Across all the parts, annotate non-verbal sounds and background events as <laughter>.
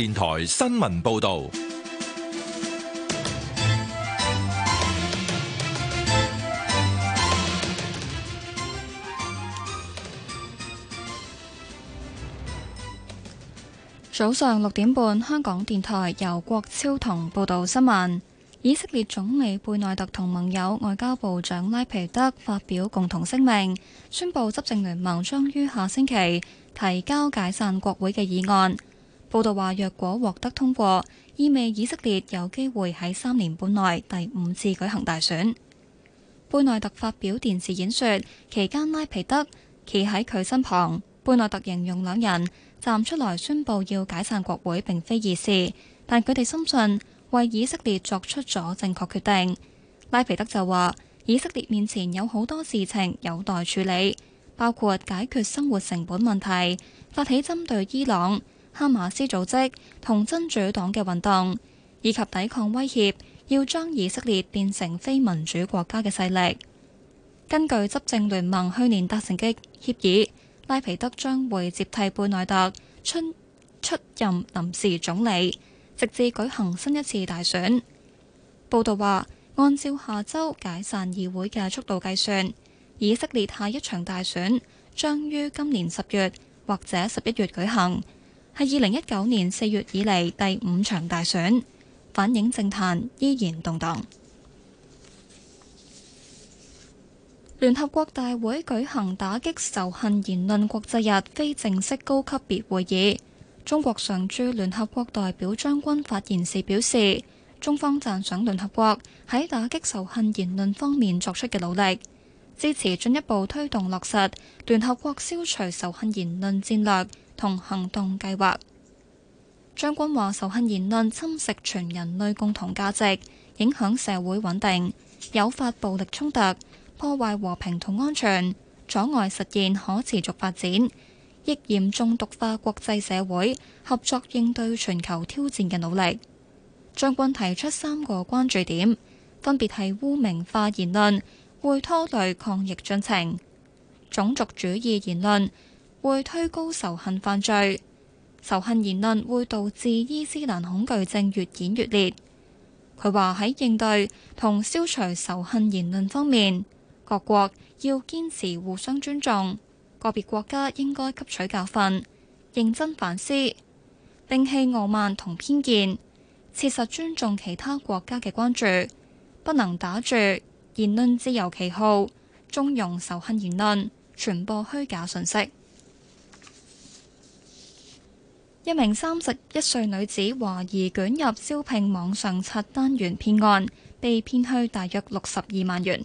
電台新聞報道：早上六點半，香港電台由郭超同報道新聞。以色列總理貝內特同盟友外交部長拉皮德發表共同聲明，宣布執政聯盟將於下星期提交解散國會嘅議案。報道話，若果獲得通過，意味以色列有機會喺三年半內第五次舉行大選。貝內特發表電視演說期間，拉皮德企喺佢身旁。貝內特形容兩人站出來宣布要解散國會，並非易事，但佢哋深信為以色列作出咗正確決定。拉皮德就話，以色列面前有好多事情有待處理，包括解決生活成本問題、發起針對伊朗，哈馬斯組織同真主黨嘅運動，以及抵抗威脅，要將以色列變成非民主國家嘅勢力。根據執政聯盟去年達成嘅協議，拉皮德將會接替貝內特出，出任臨時總理，直至舉行新一次大選。報道話，按照下週解散議會嘅速度計算，以色列下一場大選將於今年十月或者十一月舉行。係二零一九年四月以嚟第五場大選，反映政壇依然動盪。聯合國大會舉行打擊仇恨言論國際日非正式高級別會議，中國常駐聯合國代表張軍發言時表示，中方讚賞聯合國喺打擊仇恨言論方面作出嘅努力，支持進一步推動落實聯合國消除仇恨言論戰略同行動計劃。張軍話：仇恨言論侵蝕全人類共同價值，影響社會穩定，誘發暴力衝突，破壞和平同安全，阻礙實現可持續發展，亦嚴重毒化國際社會，合作應對全球挑戰嘅努力。張軍提出三個關注點，分別係污名化言論，會拖累抗疫進程，種族主義言論。會推高仇恨犯罪，仇恨言論會導致伊斯蘭恐懼症越演越烈。佢話喺應對同消除仇恨言論方面，各國要堅持互相尊重，個別國家應該吸取教訓，認真反思，摒棄傲慢同偏見，切實尊重其他國家嘅關注，不能打住言論自由旗號，縱容仇恨言論，傳播虛假信息。一名三十一歲女子懷疑捲入招聘網上刷單員騙案，被騙去大約六十二萬元。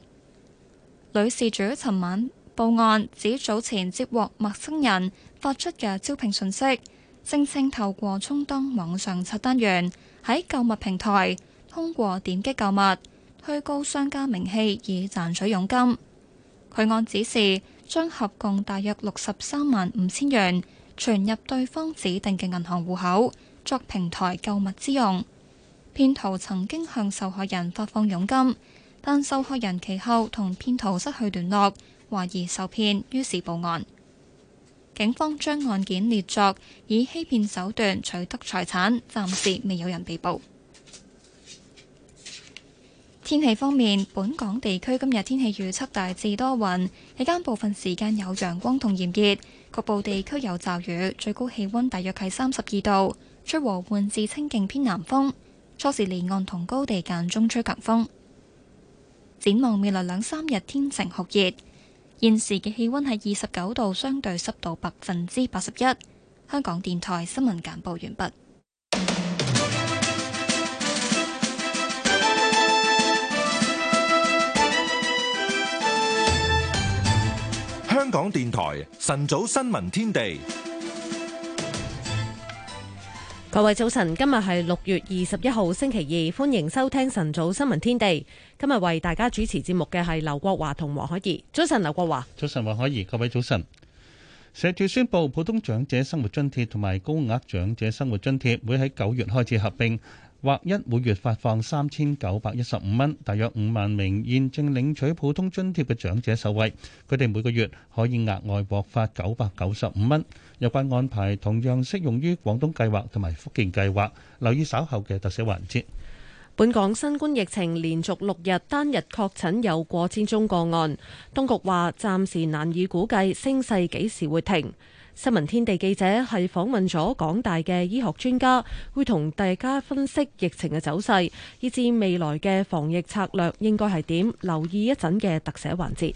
女事主尋晚報案，指早前接獲陌生人發出嘅招聘信息，聲稱透過充當網上刷單員，喺購物平台通過點擊購物，推高商家名氣以賺取佣金。佢按指示將合共大約六十三萬五千元。存入對方指定嘅銀行戶口，作平台購物之用。騙徒曾經向受害人發放佣金，但受害人其後同騙徒失去聯絡，懷疑受騙，於是報案。警方將案件列作以欺騙手段取得財產，暫時未有人被捕。天氣方面，本港地區今日天氣預測大致多雲，期間部分時間有陽光同炎熱。局部地區有驟雨，最高氣温大約喺三十二度，吹和緩至清勁偏南風，初時離岸同高地間中吹強風。展望未來兩三日天晴酷熱，現時嘅氣温喺二十九度，相對濕度百分之八十一。香港電台新聞簡報完畢。港電台晨早新聞天地，各位早晨，今日係六月二十一號星期二，歡迎收聽晨早新聞天地。今日為大家主持節目嘅係劉國華同黃海怡。早晨，劉國華，早晨，黃海怡，各位早晨。社署宣佈，普通長者生活津貼同埋高額長者生活津貼會喺九月開始合併。或一每月發放三千九百一十五蚊，大約五萬名現正領取普通津貼嘅長者受惠，佢哋每個月可以額外獲發九百九十五蚊。有關安排同樣適用於廣東計劃同埋福建計劃，留意稍後嘅特寫環節。本港新冠疫情連續六日單日確診有過千宗個案，當局話暫時難以估計升勢幾時會停。新聞天地記者係訪問咗港大嘅醫學專家，會同大家分析疫情嘅走勢，以至未來嘅防疫策略應該係點？留意一陣嘅特寫環節。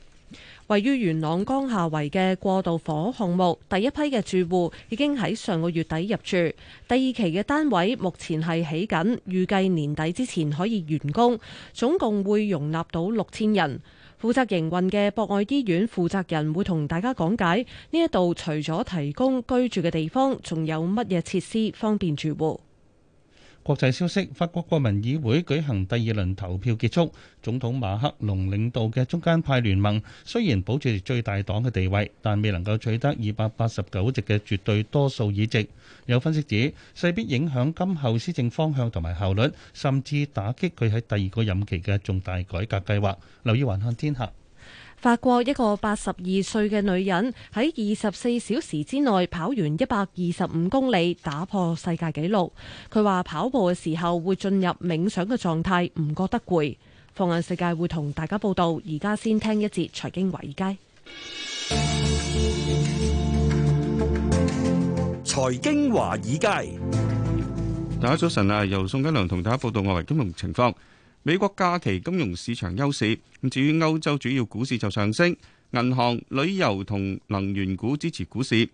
位於元朗江夏圍嘅過渡房屋項目，第一批嘅住戶已經喺上個月底入住，第二期嘅單位目前係起緊，預計年底之前可以完工，總共會容納到六千人。負責營運嘅博愛醫院負責人會同大家講解呢一度除咗提供居住嘅地方，仲有乜嘢設施方便住戶。國際消息，法國國民議會舉行第二輪投票結束，總統馬克龍領導嘅中間派聯盟雖然保住最大黨嘅地位，但未能夠取得二百八十九席嘅絕對多數議席。有分析指，勢必影響今後施政方向同埋效率，甚至打擊佢喺第二個任期嘅重大改革計劃。留意環看天下。法國一個八十二歲嘅女人喺二十四小時之內跑完一百二十五公里，打破世界紀錄。佢話跑步嘅時候會進入冥想嘅狀態，唔覺得攰。放眼世界，會同大家報道。而家先聽一節財經華爾街。財經華爾街，大家早晨啊！由宋金良同大家報道外圍金融情況。美國假期金融市場優勢，唔至於歐洲主要股市就上升。銀行、旅遊同能源股支持股市。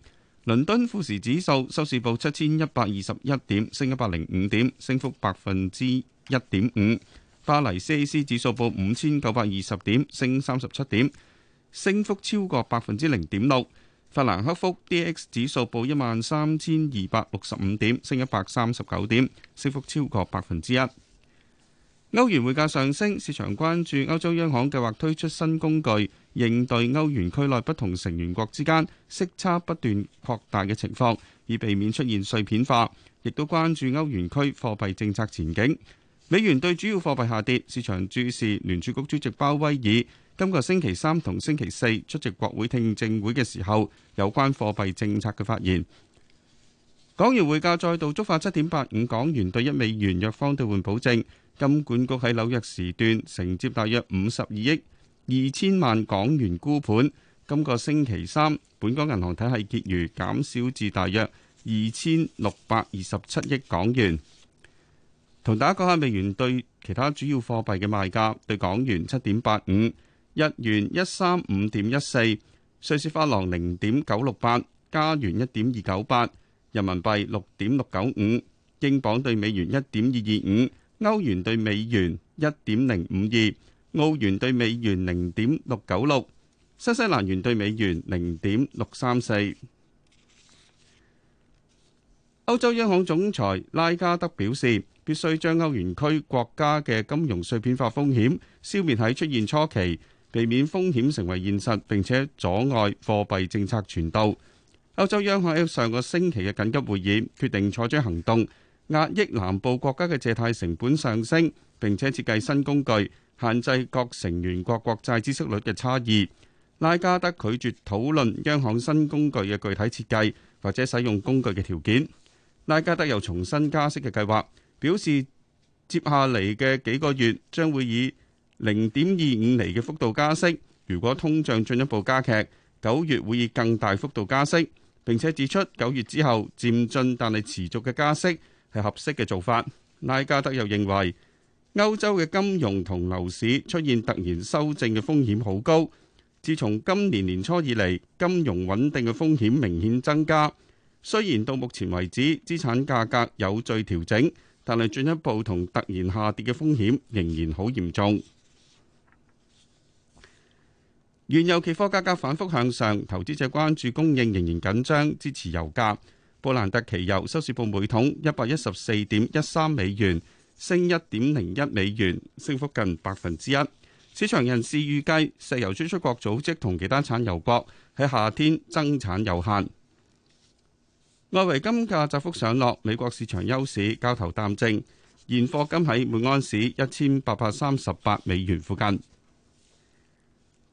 倫敦富時指數收市報七千一百二十一點，升一百零五點，升幅百分之一點五。巴黎 CAC 指數報五千九百二十點，升三十七點，升幅超過百分之零點六。法蘭克福 DAX 指數報一萬三千二百六十五點，升一百三十九點，升幅超過百分之一。歐元匯價上升，市場關注歐洲央行計劃推出新工具，應對歐元區內不同成員國之間息差不斷擴大嘅情況，以避免出現碎片化。亦都關注歐元區貨幣政策前景。美元對主要貨幣下跌，市場注視聯儲局主席鮑威爾，今個星期三同星期四出席國會聽證會嘅時候，有關貨幣政策嘅發言。港元匯價再度觸發七點八五港元對一美元弱方兌換保證，金管局喺紐約時段承接大約五十二億二千萬港元沽盤。今個星期三，本港銀行體系結餘減少至大約二千六百二十七億港元。同大家講下美元對其他主要貨幣嘅賣價，對港元七點八五，日元一三五點一四，瑞士法郎零點九六八，加元一點二九八。人民幣六點六九五，英鎊對美元一點二二五，歐元對美元一點零五二，澳元對美元零點六九六，新西蘭元對美元零點六三四。歐洲央行總裁拉加德表示，必須將歐元區國家嘅金融碎片化風險消滅喺出現初期，避免風險成為現實，並且阻礙貨幣政策傳導。歐洲央行喺上個星期嘅緊急會議決定採取行動，壓抑南部國家嘅借貸成本上升，並且設計新工具，限制各成員國國債孳息率嘅差異。拉加德拒絕討論央行新工具嘅具體設計或者使用工具嘅條件。拉加德又重申加息嘅計劃，表示接下嚟嘅幾個月將會以零點二五厘嘅幅度加息。如果通脹進一步加劇，九月會以更大幅度加息。並且指出，九月之後漸進但係持續嘅加息係合適嘅做法。拉加德又認為，歐洲嘅金融同樓市出現突然修正嘅風險好高。自從今年年初以嚟，金融穩定嘅風險明顯增加。雖然到目前為止，資產價格有序調整，但係進一步同突然下跌嘅風險仍然好嚴重。原油期貨價格反覆向上，投資者關注供應仍然緊張，支持油價。布蘭特期油收市報每桶一百一十四點一三美元，升一點零一美元，升幅近百分之一。市場人士預計石油輸出國組織同其他產油國喺夏天增產有限。外圍金價窄幅上落，美國市場休市，交投淡靜。現貨金喺每安士一千八百三十八美元附近。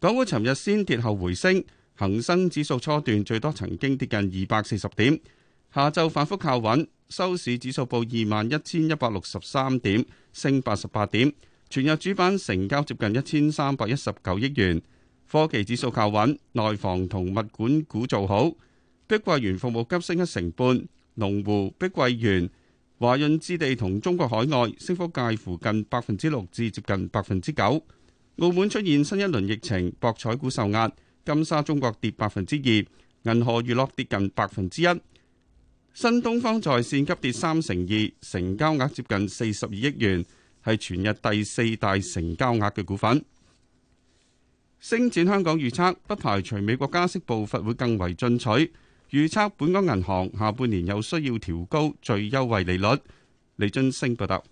港股尋日先跌後回升，恒生指數初段最多曾經跌近二百四十點，下晝反覆靠穩，收市指數報二萬一千一百六十三點，升八十八點。全日主板成交接近一千三百一十九億元。科技指數靠穩，內房同物管股做好，碧桂園服務急升一成半，龍湖、碧桂園、華潤置地同中國海外升幅介乎近百分之六至接近百分之九。澳門出現新一輪疫情，博彩股受壓，金沙中國跌百分之二，銀河娛樂跌近百分之一，新東方在綫急跌三成二，成交額接近四十二億元，係全日第四大成交額嘅股份。星展香港預測，不排除美國加息步伐會更為進取，預測本港銀行下半年有需要調高最優惠利率。李津升報道。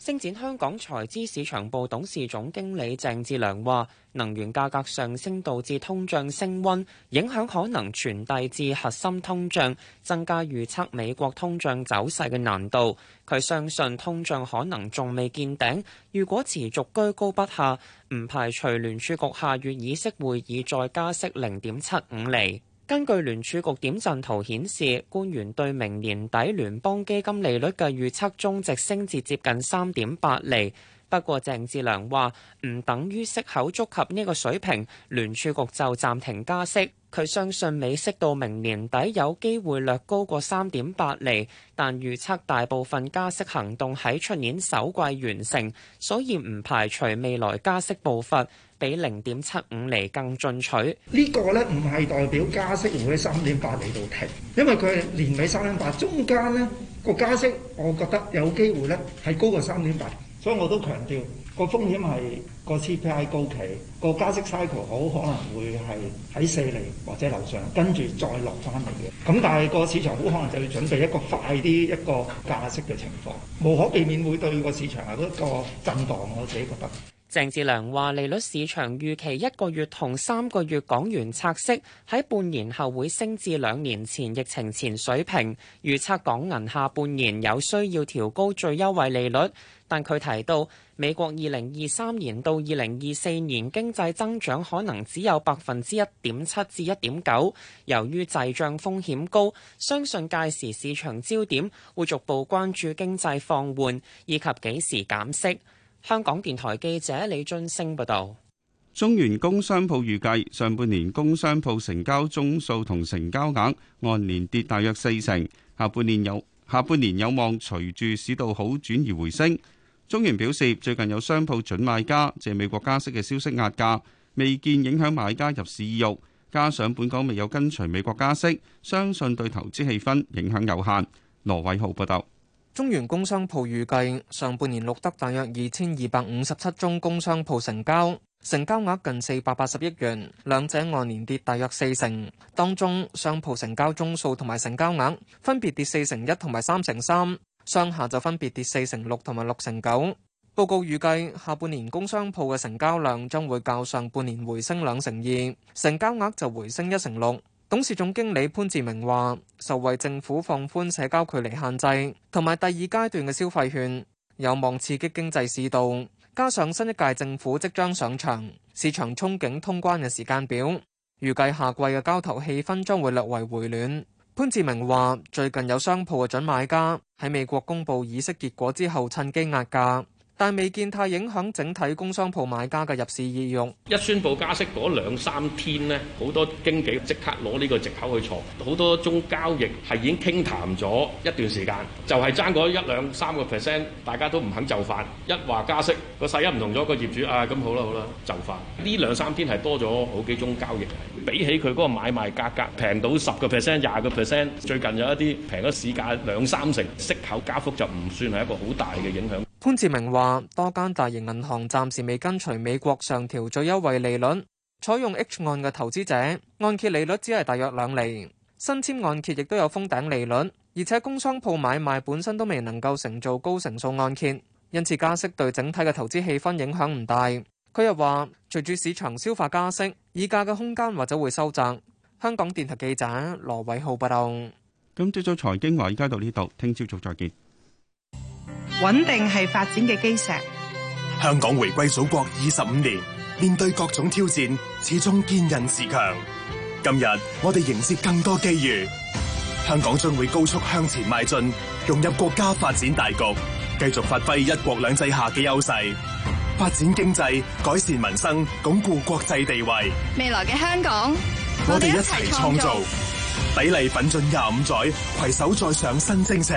星展香港財資市場部董事總經理鄭志良話：能源價格上升導致通脹升溫，影響可能傳遞至核心通脹，增加預測美國通脹走勢嘅難度。佢相信通脹可能仲未見頂，如果持續居高不下，唔排除聯儲局下月議息會議再加息零點七五厘。根據聯儲局點陣圖顯示，官員對明年底聯邦基金利率嘅預測中值升至接近三點八厘。不過鄭智，鄭志良話唔等於息口觸及呢個水平，聯儲局就暫停加息。佢相信美息到明年底有機會略高過三點八厘，但預測大部分加息行動喺出年首季完成，所以唔排除未來加息步伐比零點七五厘更進取。呢個咧唔係代表加息完嗰三點八厘就停，因為佢係年尾三點八，中間呢個加息，我覺得有機會咧係高過三點八。所以我都強調個風險係個 CPI 高企，個加息 cycle 好可能會係喺四厘或者樓上跟住再落翻嚟嘅。咁但係個市場好可能就要準備一個快啲一個加息嘅情況，無可避免會對個市場有一個震盪。我自己覺得。鄭智良話：利率市場預期一個月同三個月港元拆息喺半年後會升至兩年前疫情前水平，預測港銀下半年有需要調高最優惠利率。但佢提到，美國二零二三年到二零二四年經濟增長可能只有百分之一點七至一點九，由於滯脹風險高，相信屆時市場焦點會逐步關注經濟放緩以及幾時減息。香港電台記者李俊升報道。中原工商鋪預計上半年工商鋪成交宗數同成交額按年跌大約四成，下半年有下半年有望隨住市道好轉而回升。中原表示，最近有商鋪準買家借美國加息嘅消息壓價，未見影響買家入市意欲。加上本港未有跟隨美國加息，相信對投資氣氛影響有限。羅偉浩報道。中原工商鋪預計上半年錄得大約二千二百五十七宗工商鋪成交，成交額近四百八十億元，兩者按年跌大約四成。當中商鋪成交宗數同埋成交額分別跌四成一同埋三成三。商廈就分別跌四成六同埋六成九。報告預計下半年工商鋪嘅成交量將會較上半年回升兩成二，成交額就回升一成六。董事總經理潘志明話，受惠政府放寬社交距離限制同埋第二階段嘅消費券，有望刺激經濟市道。加上新一屆政府即將上場，市場憧憬通關嘅時間表，預計下季嘅交投氣氛將會略為回暖。潘志明話：最近有商鋪嘅準買家喺美國公佈議息結果之後，趁機壓價。但未見太影響整體工商鋪買家嘅入市意欲。一宣布加息嗰兩三天呢，好多經紀即刻攞呢個藉口去嘈。好多宗交易係已經傾談咗一段時間，就係爭嗰一兩三個 percent，大家都唔肯就範。一話加息個勢一唔同咗，個業主啊咁、哎、好啦好啦就範。呢兩三天係多咗好幾宗交易，比起佢嗰個買賣價格平到十個 percent、廿個 percent，最近有一啲平咗市價兩三成，息口加幅就唔算係一個好大嘅影響。潘志明話：多間大型銀行暫時未跟隨美國上調最優惠利率，採用 H 按嘅投資者按揭利率只係大約兩厘，新簽按揭亦都有封頂利率，而且工商鋪買賣本身都未能夠承做高成數按揭，因此加息對整體嘅投資氣氛影響唔大。佢又話：隨住市場消化加息，議價嘅空間或者會收窄。香港電台記者羅偉浩報道。今朝早財經華爾街到呢度，聽朝早再見。穩定係發展嘅基石。香港回歸祖國二十五年，面對各種挑戰，始終堅韌自強。今日我哋迎接更多機遇，香港將會高速向前邁進，融入國家發展大局，繼續發揮一國兩制下嘅優勢，發展經濟，改善民生，鞏固國際地位。未來嘅香港，我哋一齊創造，造砥礪奮進廿五載，攜手再上新征程。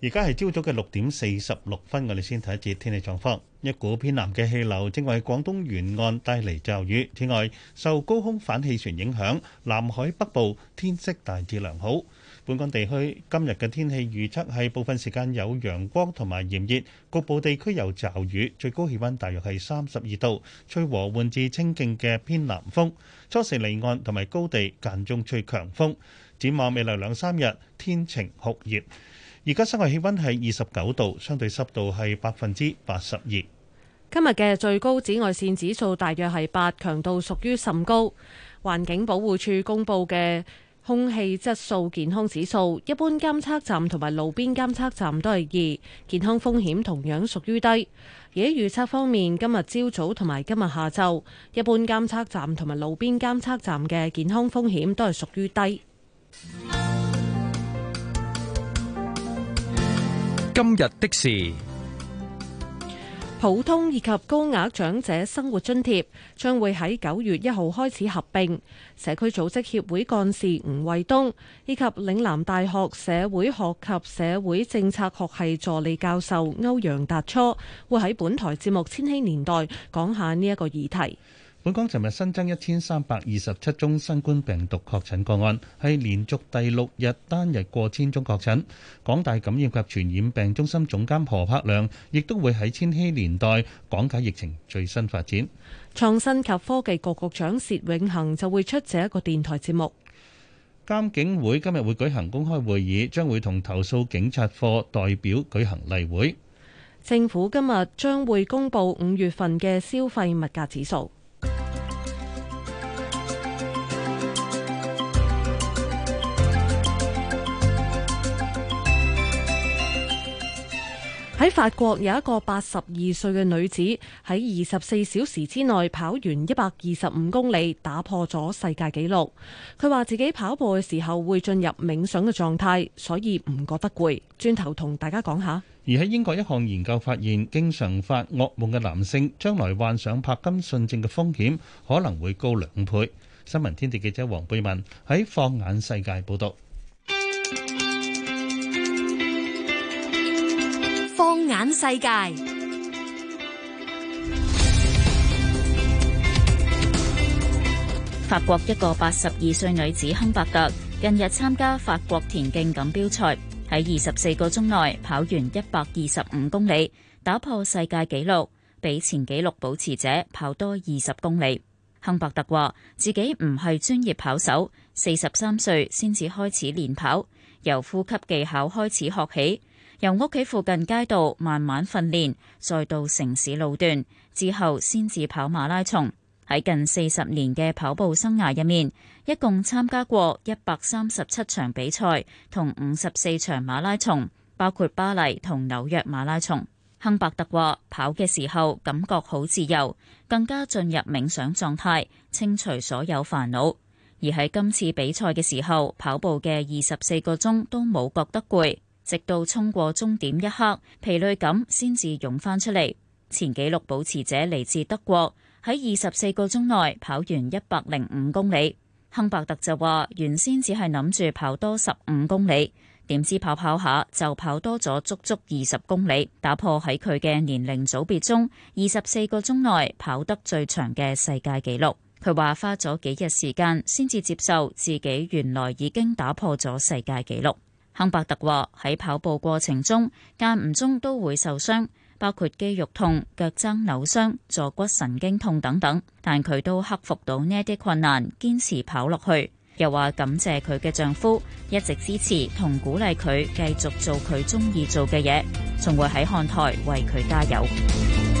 而家係朝早嘅六點四十六分，我哋先睇一節天氣狀況。一股偏南嘅氣流正為廣東沿岸帶嚟驟雨。此外，受高空反氣旋影響，南海北部天色大致良好。本港地區今日嘅天氣預測係部分時間有陽光同埋炎熱，局部地區有驟雨。最高氣溫大約係三十二度，吹和緩至清勁嘅偏南風。初時離岸同埋高地間中吹強風。展望未來兩三日，天晴酷熱。而家室外氣溫係二十九度，相對濕度係百分之八十二。今日嘅最高紫外線指數大約係八，強度屬於甚高。環境保護署公布嘅空氣質素健康指數，一般監測站同埋路邊監測站都係二，健康風險同樣屬於低。而喺預測方面，今日朝早同埋今日下晝，一般監測站同埋路邊監測站嘅健康風險都係屬於低。今日的事，普通以及高額長者生活津貼將會喺九月一號開始合併。社區組織協會幹事吳衛東以及嶺南大學社會學及社會政策學系助理教授歐陽達初，會喺本台節目《千禧年代》講下呢一個議題。本港昨日新增一千三百二十七宗新冠病毒確診個案，係連續第六日單日過千宗確診。港大感染及傳染病中心總監何柏良亦都會喺千禧年代講解疫情最新發展。創新及科技局局長薛永恒就會出席一個電台節目。監警會今日會舉行公開會議，將會同投訴警察課代表舉行例會。政府今日將會公布五月份嘅消費物價指數。喺法國有一個八十二歲嘅女子喺二十四小時之內跑完一百二十五公里，打破咗世界紀錄。佢話自己跑步嘅時候會進入冥想嘅狀態，所以唔覺得攰。轉頭同大家講下。而喺英國，一項研究發現，經常發噩夢嘅男性，將來患上柏金遜症嘅風險可能會高兩倍。新聞天地記者黃貝文喺放眼世界報道。眼世界，法國一個八十二歲女子亨伯特近日參加法國田徑錦標賽，喺二十四個鐘內跑完一百二十五公里，打破世界紀錄，比前紀錄保持者跑多二十公里。亨伯特話，自己唔係專業跑手，四十三歲先至開始練跑，由呼吸技巧開始學起。由屋企附近街道慢慢訓練，再到城市路段，之後先至跑馬拉松。喺近四十年嘅跑步生涯入面，一共參加過一百三十七場比賽同五十四場馬拉松，包括巴黎同紐約馬拉松。亨伯特話，跑嘅時候感覺好自由，更加進入冥想狀態，清除所有煩惱。而喺今次比賽嘅時候，跑步嘅二十四個鐘都冇覺得攰。直到衝過終點一刻，疲累感先至湧翻出嚟。前紀錄保持者嚟自德國，喺二十四個鐘內跑完一百零五公里。亨伯特就話，原先只係諗住跑多十五公里，點知跑跑下就跑多咗足足二十公里，打破喺佢嘅年齡組別中二十四個鐘內跑得最長嘅世界紀錄。佢話花咗幾日時間先至接受自己原來已經打破咗世界紀錄。亨伯特話：喺跑步過程中，間唔中都會受傷，包括肌肉痛、腳踭扭傷、坐骨神經痛等等。但佢都克服到呢啲困難，堅持跑落去。又話感謝佢嘅丈夫一直支持同鼓勵佢，繼續做佢中意做嘅嘢，仲會喺看台為佢加油。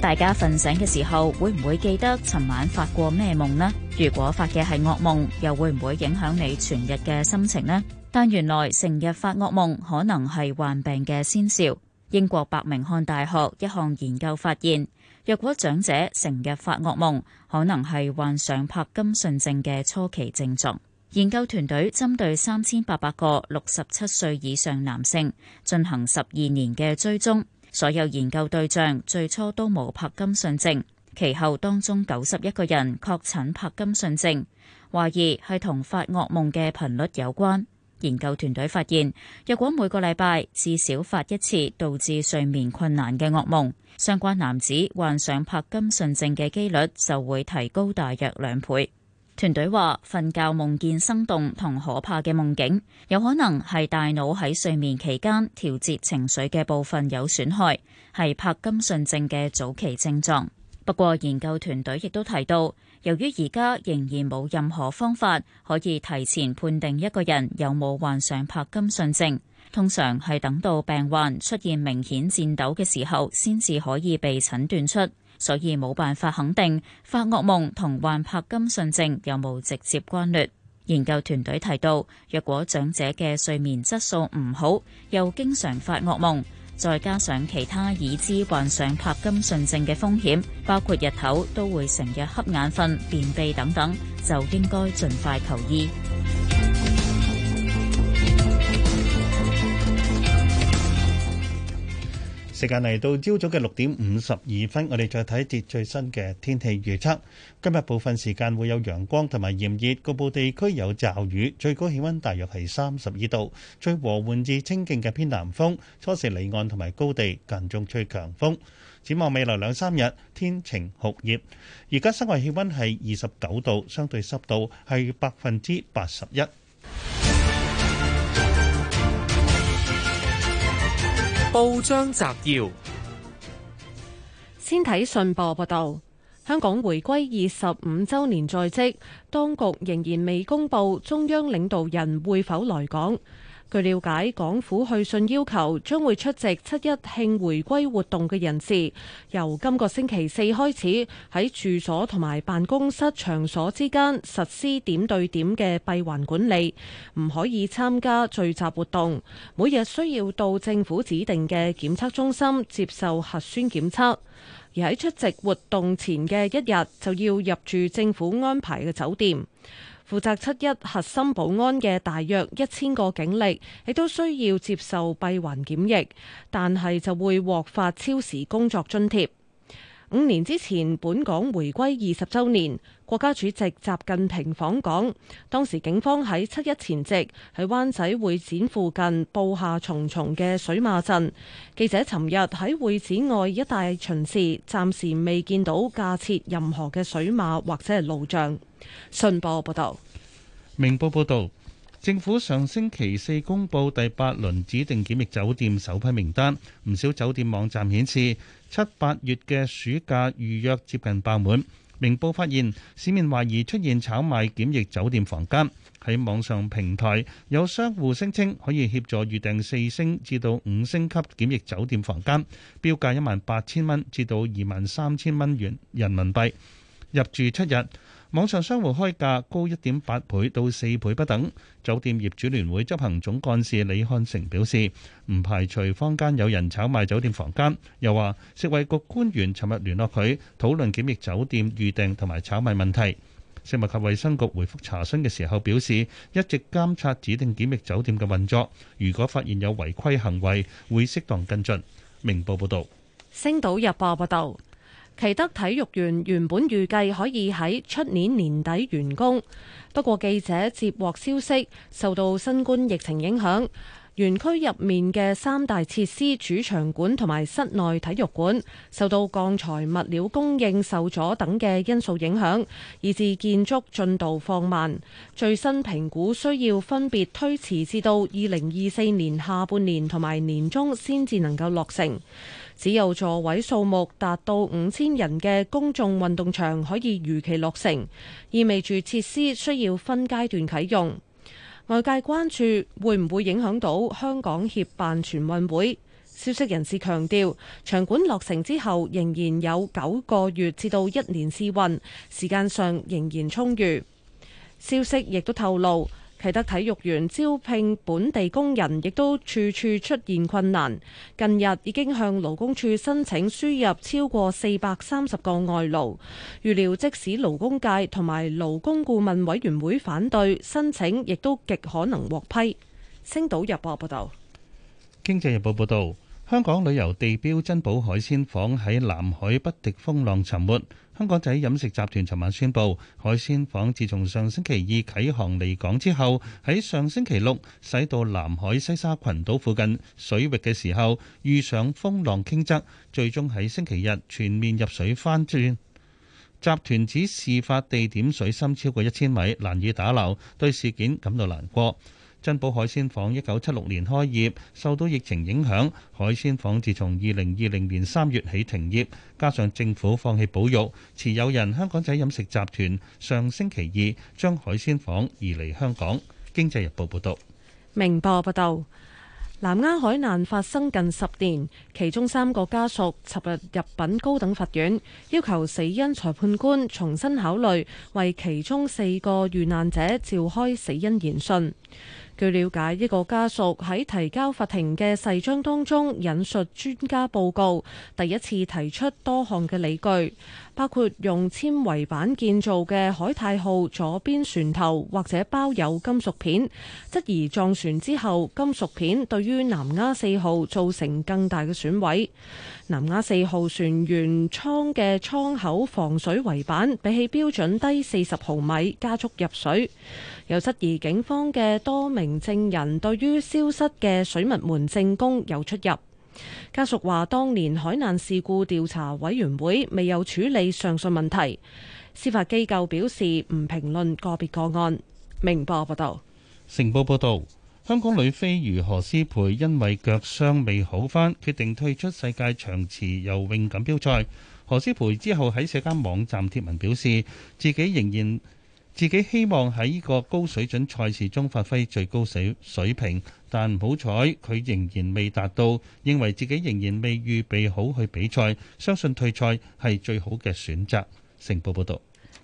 大家瞓醒嘅時候會唔會記得尋晚發過咩夢呢？如果發嘅係噩夢，又會唔會影響你全日嘅心情呢？但原來成日發噩夢可能係患病嘅先兆。英國伯明翰大學一項研究發現，若果長者成日發噩夢，可能係患上帕金遜症嘅初期症狀。研究團隊針對三千八百個六十七歲以上男性進行十二年嘅追蹤。所有研究對象最初都冇柏金遜症，其後當中九十一個人確診柏金遜症，懷疑係同發噩夢嘅頻率有關。研究團隊發現，若果每個禮拜至少發一次導致睡眠困難嘅噩夢，相關男子患上柏金遜症嘅幾率就會提高大約兩倍。團隊話：瞓覺夢見生動同可怕嘅夢境，有可能係大腦喺睡眠期間調節情緒嘅部分有損害，係帕金遜症嘅早期症狀。不過，研究團隊亦都提到，由於而家仍然冇任何方法可以提前判定一個人有冇患上帕金遜症，通常係等到病患出現明顯顫抖嘅時候，先至可以被診斷出。所以冇辦法肯定發噩夢同患帕金遜症有冇直接關聯。研究團隊提到，若果長者嘅睡眠質素唔好，又經常發噩夢，再加上其他已知患上帕金遜症嘅風險，包括日頭都會成日瞌眼瞓、便秘等等，就應該盡快求醫。時間嚟到朝早嘅六點五十二分，我哋再睇一節最新嘅天氣預測。今日部分時間會有陽光同埋炎熱，局部地區有驟雨，最高氣温大約係三十二度。最和緩至清勁嘅偏南風，初時離岸同埋高地間中吹強風。展望未來兩三日天晴酷熱。而家室外氣温係二十九度，相對濕度係百分之八十一。報章摘要：先睇信報報道，香港回歸二十五周年在即，當局仍然未公布中央領導人會否來港。據了解，港府去信要求將會出席七一慶回歸活動嘅人士，由今個星期四開始，喺住所同埋辦公室場所之間實施點對點嘅閉環管理，唔可以參加聚集活動，每日需要到政府指定嘅檢測中心接受核酸檢測，而喺出席活動前嘅一日，就要入住政府安排嘅酒店。負責七一核心保安嘅大約一千個警力，亦都需要接受閉環檢疫，但係就會獲發超時工作津貼。五年之前，本港回歸二十週年。國家主席習近平訪港，當時警方喺七一前夕喺灣仔會展附近布下重重嘅水馬陣。記者尋日喺會展外一帶巡視，暫時未見到架設任何嘅水馬或者係路障。信報報道。明報報道，政府上星期四公布第八輪指定檢疫酒店首批名單，唔少酒店網站顯示，七八月嘅暑假預約接近爆滿。明報發現，市面懷疑出現炒賣檢疫酒店房間，喺網上平台有商戶聲稱可以協助預訂四星至到五星級檢疫酒店房間，標價一萬八千蚊至到二萬三千蚊元人民幣，入住七日。網上商戶開價高一點八倍到四倍不等，酒店業主聯會執行總幹事李漢成表示，唔排除坊間有人炒賣酒店房間。又話，食衛局官員尋日聯絡佢討論檢疫酒店預訂同埋炒賣問題。食物及衛生局回覆查詢嘅時候表示，一直監察指定檢疫酒店嘅運作，如果發現有違規行為，會適當跟進。明報報道。星島日報報道。啟德體育園原本預計可以喺出年年底完工，不過記者接獲消息，受到新冠疫情影響。園區入面嘅三大設施，主場館同埋室內體育館，受到鋼材物料供應受阻等嘅因素影響，以至建築進度放慢。最新評估需要分別推遲至到二零二四年下半年同埋年中先至能夠落成。只有座位數目達到五千人嘅公眾運動場可以如期落成，意味住設施需要分階段啟用。外界關注會唔會影響到香港協辦全運會？消息人士強調，場館落成之後仍然有九個月至到一年試運，時間上仍然充裕。消息亦都透露，啟德體育園招聘本地工人，亦都處處出現困難。近日已經向勞工處申請輸入超過四百三十個外勞，預料即使勞工界同埋勞工顧問委員會反對申請，亦都極可能獲批。星島日報報道，經濟日報報道，香港旅遊地標珍寶海鮮舫喺南海不敵風浪沉沒。香港仔飲食集團尋晚宣布，海鮮舫自從上星期二啟航離港之後，喺上星期六駛到南海西沙群島附近水域嘅時候，遇上風浪傾側，最終喺星期日全面入水翻轉。集團指事發地點水深超過一千米，難以打撈，對事件感到難過。珍寶海鮮舫一九七六年開業，受到疫情影響，海鮮舫自從二零二零年三月起停業，加上政府放棄保育，持有人香港仔飲食集團上星期二將海鮮舫移離香港。經濟日報報道。明報報道，南丫海難發生近十年，其中三個家屬昨日入禀高等法院，要求死因裁判官重新考慮，為其中四個遇難者召開死因研訊。據了解，一個家屬喺提交法庭嘅誓章當中引述專家報告，第一次提出多項嘅理據，包括用纖維板建造嘅海泰號左邊船頭或者包有金屬片，質疑撞船之後金屬片對於南丫四號造成更大嘅損毀。南丫四號船員艙嘅艙口防水圍板比起標準低四十毫米，加速入水。有質疑警方嘅多名證人對於消失嘅水密門證供有出入。家屬話當年海難事故調查委員會未有處理上述問題。司法機構表示唔評論個別個案。明報報道：「成報報道，香港女飛魚何詩蓓因為腳傷未好翻，決定退出世界長池游泳錦標賽。何詩蓓之後喺社交網站貼文表示自己仍然。自己希望喺呢個高水準賽事中發揮最高水水平，但唔好彩佢仍然未達到，認為自己仍然未預備好去比賽，相信退賽係最好嘅選擇。成報報道，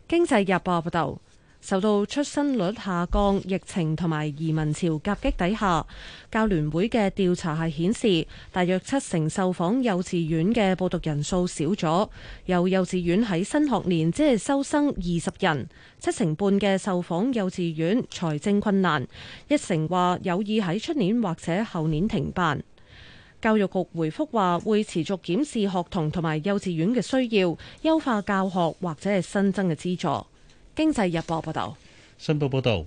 經濟日報報道。受到出生率下降、疫情同埋移民潮夾擊底下，教聯會嘅調查係顯示，大約七成受訪幼稚園嘅報讀人數少咗，由幼稚園喺新學年只係收生二十人，七成半嘅受訪幼稚園財政困難，一成話有意喺出年或者後年停辦，教育局回覆話，會持續檢視學童同埋幼稚園嘅需要，優化教學或者係新增嘅資助。經濟日報報道，信報報道，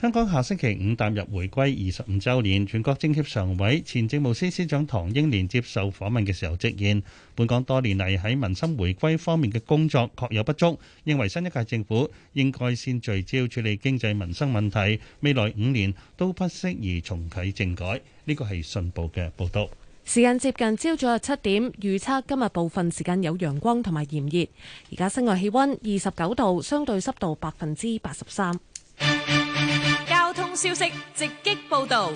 香港下星期五踏入回歸二十五周年。全國政協常委、前政務司司長唐英年接受訪問嘅時候直言，本港多年嚟喺民生回歸方面嘅工作確有不足，認為新一屆政府應該先聚焦處理經濟民生問題，未來五年都不適宜重啟政改。呢個係信報嘅報道。時間接近朝早七點，預測今日部分時間有陽光同埋炎熱。而家室外氣溫二十九度，相對濕度百分之八十三。交通消息，直擊報道。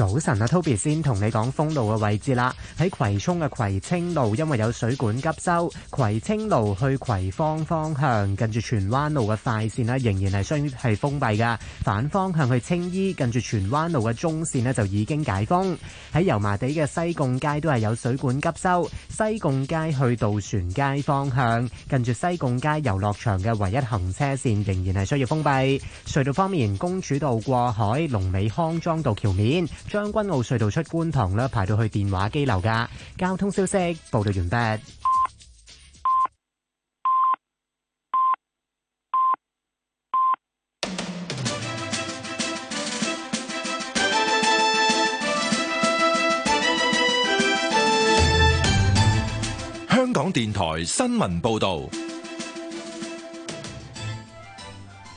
早晨啊，Toby 先同你講封路嘅位置啦。喺葵涌嘅葵青路，因為有水管急修，葵青路去葵芳方向，近住荃灣路嘅快綫咧，仍然係需係封閉噶。反方向去青衣，近住荃灣路嘅中綫咧就已經解封。喺油麻地嘅西貢街都係有水管急修，西貢街去渡船街方向，近住西貢街遊樂場嘅唯一行車綫仍然係需要封閉。隧道方面，公主道過海，龍尾康莊道橋面。將軍澳隧道出觀塘咧，排到去電話機樓噶交通消息報道完畢。香港電台新聞報道，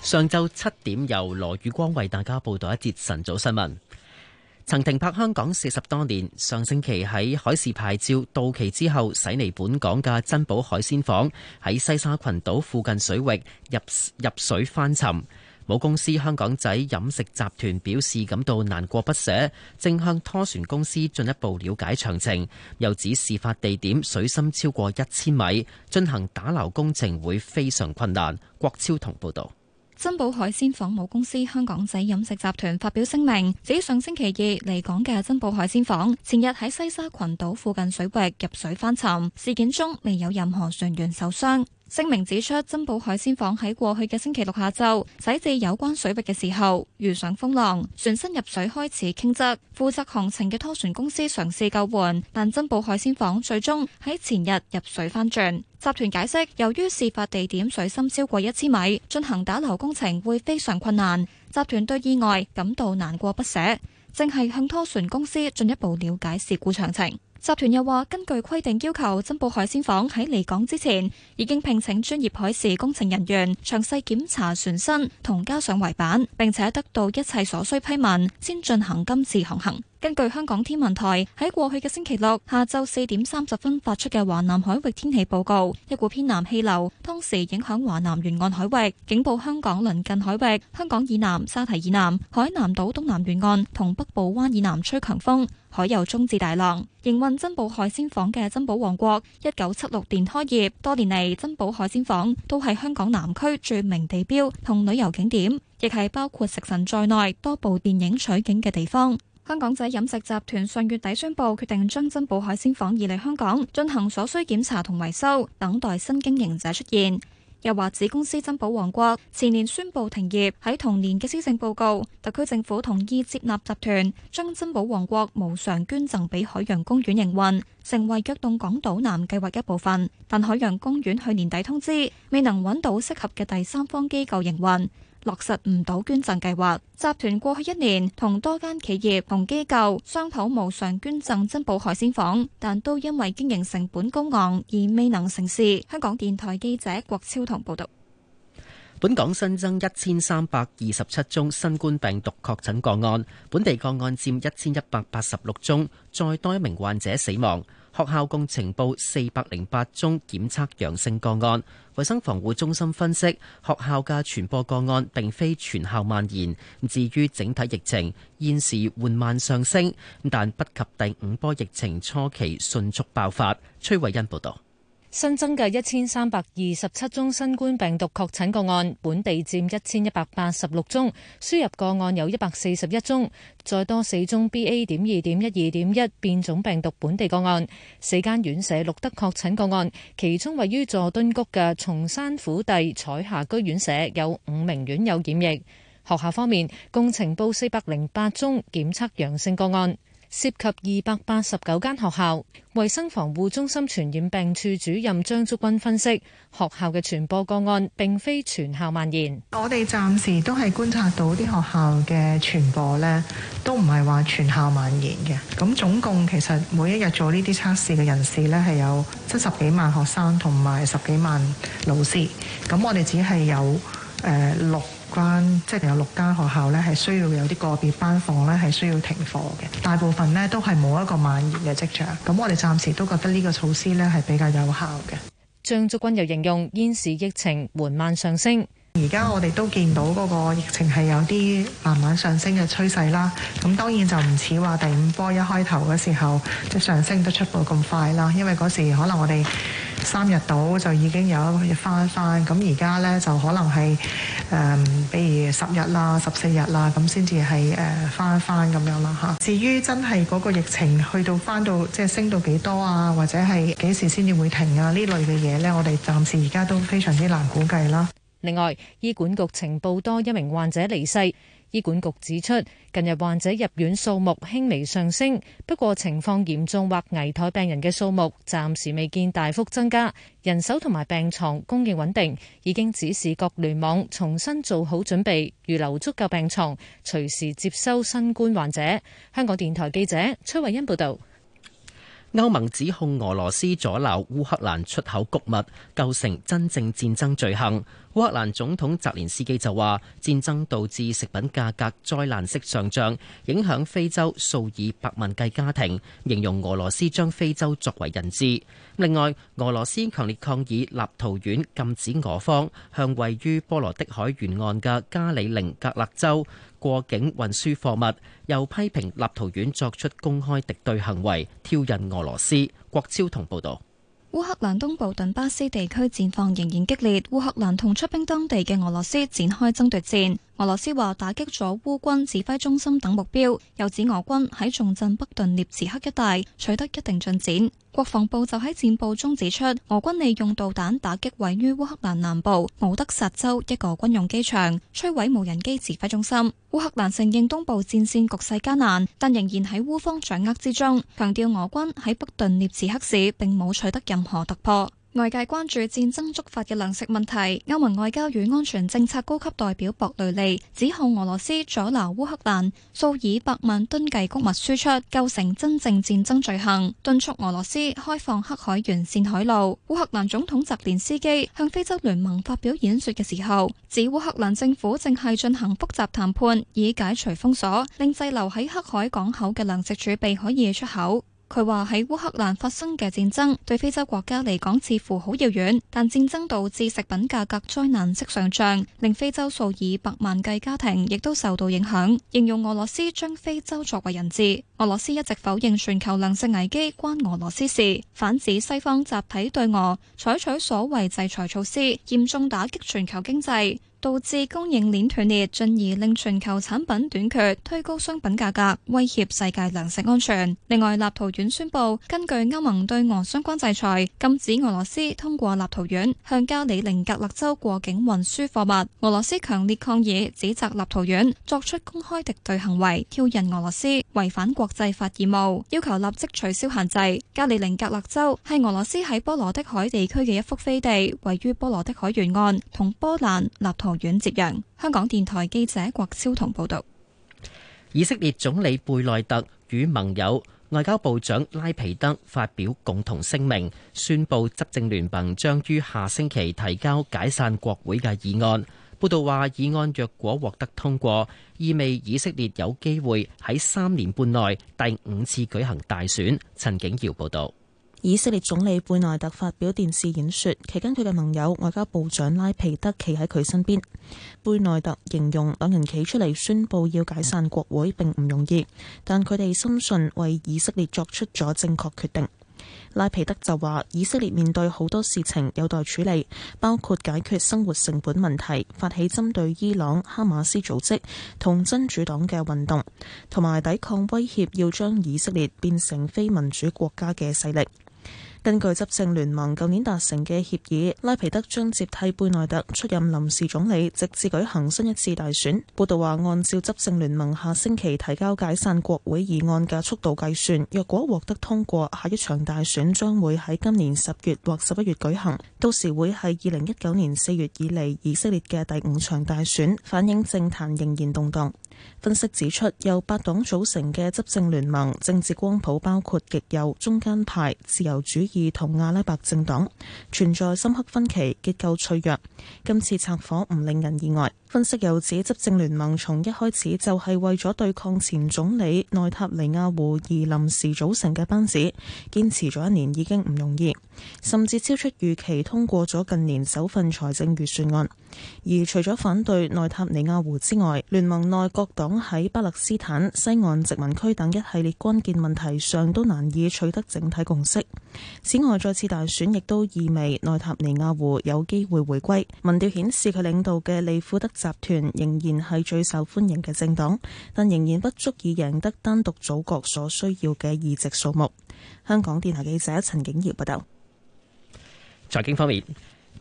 上晝七點由羅宇光為大家報道一節晨早新聞。曾停泊香港四十多年，上星期喺海事牌照到期之後駛離本港嘅珍寶海鮮舫喺西沙群島附近水域入入水翻沉。母公司香港仔飲食集團表示感到難過不捨，正向拖船公司進一步了解詳情。又指事發地點水深超過一千米，進行打撈工程會非常困難。郭超同報道。珍寶海鮮舫母公司香港仔飲食集團發表聲明，指上星期二嚟港嘅珍寶海鮮舫前日喺西沙群島附近水域入水翻沉，事件中未有任何船員受傷。聲明指出，珍寶海鮮舫喺過去嘅星期六下晝駛至有關水域嘅時候，遇上風浪，船身入水開始傾側，負責航程嘅拖船公司嘗試救援，但珍寶海鮮舫最終喺前日入水翻轉。集團解釋，由於事發地點水深超過一千米，進行打撈工程會非常困難。集團對意外感到難過不捨，正係向拖船公司進一步了解事故詳情。集團又話，根據規定要求，珍寶海鮮舫喺離港之前已經聘請專業海事工程人員詳細檢查船身，同加上圍板，並且得到一切所需批文，先進行今次航行。根據香港天文台喺過去嘅星期六下晝四點三十分發出嘅華南海域天氣報告，一股偏南氣流當時影響華南沿岸海域，警報香港鄰近海域、香港以南、沙堤以南、海南島東南沿岸同北部灣以南吹強風，海有中至大浪。營運珍寶海鮮舫嘅珍寶王國一九七六年開業，多年嚟珍寶海鮮舫都係香港南區著名地標同旅遊景點，亦係包括食神在內多部電影取景嘅地方。香港仔飲食集團上月底宣布決定將珍寶海鮮舫移離香港進行所需檢查同維修，等待新經營者出現。又話子公司珍寶王國前年宣布停業，喺同年嘅施政報告，特區政府同意接納集團將珍寶王國無償捐贈俾海洋公園營運，成為躍動港島南計劃嘅一部分。但海洋公園去年底通知未能揾到適合嘅第三方機構營運。落實唔到捐贈計劃，集團過去一年同多間企業同機構商討無償捐贈珍寶海鮮舫，但都因為經營成本高昂而未能成事。香港電台記者郭超棠報道。本港新增一千三百二十七宗新冠病毒確診個案，本地個案佔一千一百八十六宗，再多一名患者死亡。學校共呈報四百零八宗檢測陽性個案，衛生防護中心分析，學校嘅傳播個案並非全校蔓延。至於整體疫情，現時緩慢上升，但不及第五波疫情初期迅速爆發。崔慧恩報道。新增嘅一千三百二十七宗新冠病毒確診個案，本地佔一千一百八十六宗，輸入個案有一百四十一宗，再多四宗 B A. 點二點一二點一變種病毒本地個案。四間院舍錄得確診個案，其中位於佐敦谷嘅松山府第彩霞居院舍有五名院友染疫。學校方面共呈報四百零八宗檢測陽性個案。涉及二百八十九間學校，衛生防護中心傳染病處主任張竹君分析，學校嘅傳播個案並非全校蔓延。我哋暫時都係觀察到啲學校嘅傳播咧，都唔係話全校蔓延嘅。咁總共其實每一日做呢啲測試嘅人士咧，係有七十幾萬學生同埋十幾萬老師。咁我哋只係有誒、呃、六。關即係有六間學校咧，係需要有啲個別班房咧，係需要停課嘅。大部分咧都係冇一個蔓延嘅跡象。咁我哋暫時都覺得呢個措施咧係比較有效嘅。張竹君又形容煙市疫情緩慢上升。而家我哋都見到嗰個疫情係有啲慢慢上升嘅趨勢啦。咁當然就唔似話第五波一開頭嘅時候即上升得出步咁快啦。因為嗰時可能我哋。三日到就已經有回一個翻翻，咁而家呢，就可能係誒、呃，比如十日啦、十四日啦，咁先至係誒翻翻咁樣啦嚇。至於真係嗰個疫情去到翻到即係升到幾多啊，或者係幾時先至會停啊呢類嘅嘢呢，我哋暫時而家都非常之難估計啦。另外，醫管局呈報多一名患者離世。醫管局指出，近日患者入院數目輕微上升，不過情況嚴重或危殆病人嘅數目暫時未見大幅增加，人手同埋病床供應穩定，已經指示各聯網重新做好準備，預留足夠病床，隨時接收新冠患者。香港電台記者崔慧欣報道。歐盟指控俄羅斯阻撓烏克蘭出口穀物，構成真正戰爭罪行。烏克蘭總統澤連斯基就話：戰爭導致食品價格災難式上漲，影響非洲數以百萬計家庭。形容俄羅斯將非洲作為人質。另外，俄羅斯強烈抗議立陶宛禁止俄方向位於波羅的海沿岸嘅加里寧格勒州過境運輸貨物，又批評立陶宛作出公開敵對行為，挑釁俄羅斯。國超同報道。烏克蘭東部頓巴斯地區戰況仍然激烈，烏克蘭同出兵當地嘅俄羅斯展開爭奪戰。俄羅斯話打擊咗烏軍指揮中心等目標，又指俄軍喺重鎮北頓涅茨克一帶取得一定進展。國防部就喺戰報中指出，俄軍利用導彈打擊位於烏克蘭南部敖德薩州一個軍用機場，摧毀無人機指揮中心。烏克蘭承認東部戰綫局勢艱難，但仍然喺烏方掌握之中，強調俄軍喺北頓涅茨克市並冇取得任何突破。外界關注戰爭觸發嘅糧食問題。歐盟外交與安全政策高級代表博雷利指控俄羅斯阻撓烏克蘭數以百萬噸計穀物輸出，構成真正戰爭罪行，敦促俄羅斯開放黑海沿線海路。烏克蘭總統澤連斯基向非洲聯盟發表演說嘅時候，指烏克蘭政府正係進行複雜談判，以解除封鎖，令滯留喺黑海港口嘅糧食儲備可以出口。佢話喺烏克蘭發生嘅戰爭對非洲國家嚟講似乎好遙遠，但戰爭導致食品價格災難式上漲，令非洲數以百萬計家庭亦都受到影響。形容俄羅斯將非洲作為人質，俄羅斯一直否認全球糧食危機關俄羅斯事，反指西方集體對俄採取所謂制裁措施，嚴重打擊全球經濟。導致供應鏈斷裂，進而令全球產品短缺，推高商品價格，威脅世界糧食安全。另外，立陶宛宣布根據歐盟對俄相關制裁，禁止俄羅斯通過立陶宛向加里寧格勒州過境運輸貨物。俄羅斯強烈抗議，指責立陶宛作出公開敵對行為，挑釁俄羅斯，違反國際法義務，要求立即取消限制。加里寧格勒州係俄羅斯喺波羅的海地區嘅一幅飛地，位於波羅的海沿岸，同波蘭、立陶。遠接壤。香港電台記者郭超彤報道，以色列總理貝內特與盟友、外交部長拉皮德發表共同聲明，宣布執政聯盟將於下星期提交解散國會嘅議案。報道話，議案若果獲得通過，意味以色列有機會喺三年半內第五次舉行大選。陳景瑤報道。以色列總理貝內特發表電視演說，期間佢嘅盟友外交部長拉皮德企喺佢身邊。貝內特形容兩人企出嚟宣布要解散國會，並唔容易，但佢哋深信為以色列作出咗正確決定。拉皮德就話，以色列面對好多事情有待處理，包括解決生活成本問題、發起針對伊朗、哈馬斯組織同真主黨嘅運動，同埋抵抗威脅要將以色列變成非民主國家嘅勢力。根據執政聯盟舊年達成嘅協議，拉皮德將接替貝內特出任臨時總理，直至舉行新一次大選。報道話，按照執政聯盟下星期提交解散國會議案嘅速度計算，若果獲得通過，下一場大選將會喺今年十月或十一月舉行。到時會係二零一九年四月以嚟以色列嘅第五場大選，反映政壇仍然動盪。分析指出，由八黨組成嘅執政聯盟政治光譜包括極右、中間派、自由主義同阿拉伯政黨存在深刻分歧，結構脆弱。今次拆夥，唔令人意外。分析又指，執政聯盟從一開始就係為咗對抗前總理內塔尼亞胡而臨時組成嘅班子，堅持咗一年已經唔容易，甚至超出預期，通過咗近年首份財政預算案。而除咗反對內塔尼亞胡之外，聯盟內各黨喺巴勒斯坦西岸殖民區等一系列關鍵問題上都難以取得整體共識。此外，再次大選亦都意味內塔尼亞胡有機會回歸，民調顯示佢領導嘅利庫德集團仍然係最受歡迎嘅政黨，但仍然不足以贏得單獨組閣所需要嘅議席數目。香港電台記者陳景怡報道。財經方面，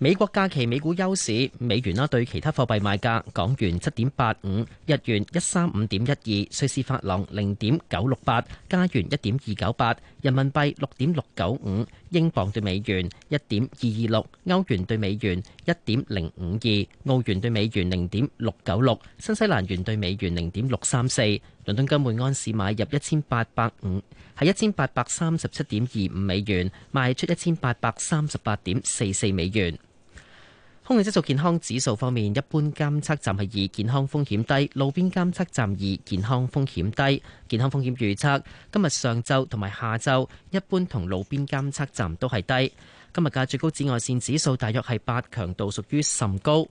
美國假期，美股休市。美元啦對其他貨幣賣價：港元七點八五，日元一三五點一二，瑞士法郎零點九六八，加元一點二九八，人民幣六點六九五，英鎊對美元一點二二六，歐元對美元一點零五二，澳元對美元零點六九六，新西蘭元對美元零點六三四。倫敦金每安士買入一千八百五，係一千八百三十七點二五美元，賣出一千八百三十八點四四美元。空氣質素健康指數方面，一般監測站係二，健康風險低，路邊監測站二，健康風險低。健康風險預測，今日上晝同埋下晝，一般同路邊監測站都係低。今日嘅最高紫外線指數大約係八，強度屬於甚高。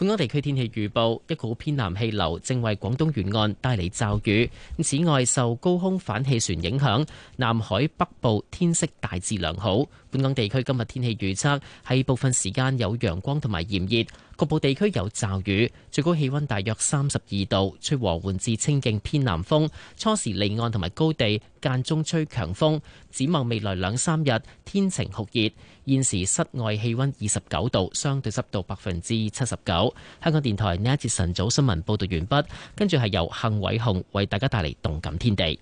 本港地區天氣預報，一股偏南氣流正為廣東沿岸帶嚟驟雨。此外，受高空反氣旋影響，南海北部天色大致良好。本港地區今日天氣預測喺部分時間有陽光同埋炎熱，局部地區有驟雨，最高氣溫大約三十二度，吹和緩至清勁偏南風，初時離岸同埋高地間中吹強風。展望未來兩三日天晴酷熱，現時室外氣溫二十九度，相對濕度百分之七十九。香港電台呢一節晨早新聞報道完畢，跟住係由幸偉雄為大家帶嚟動感天地。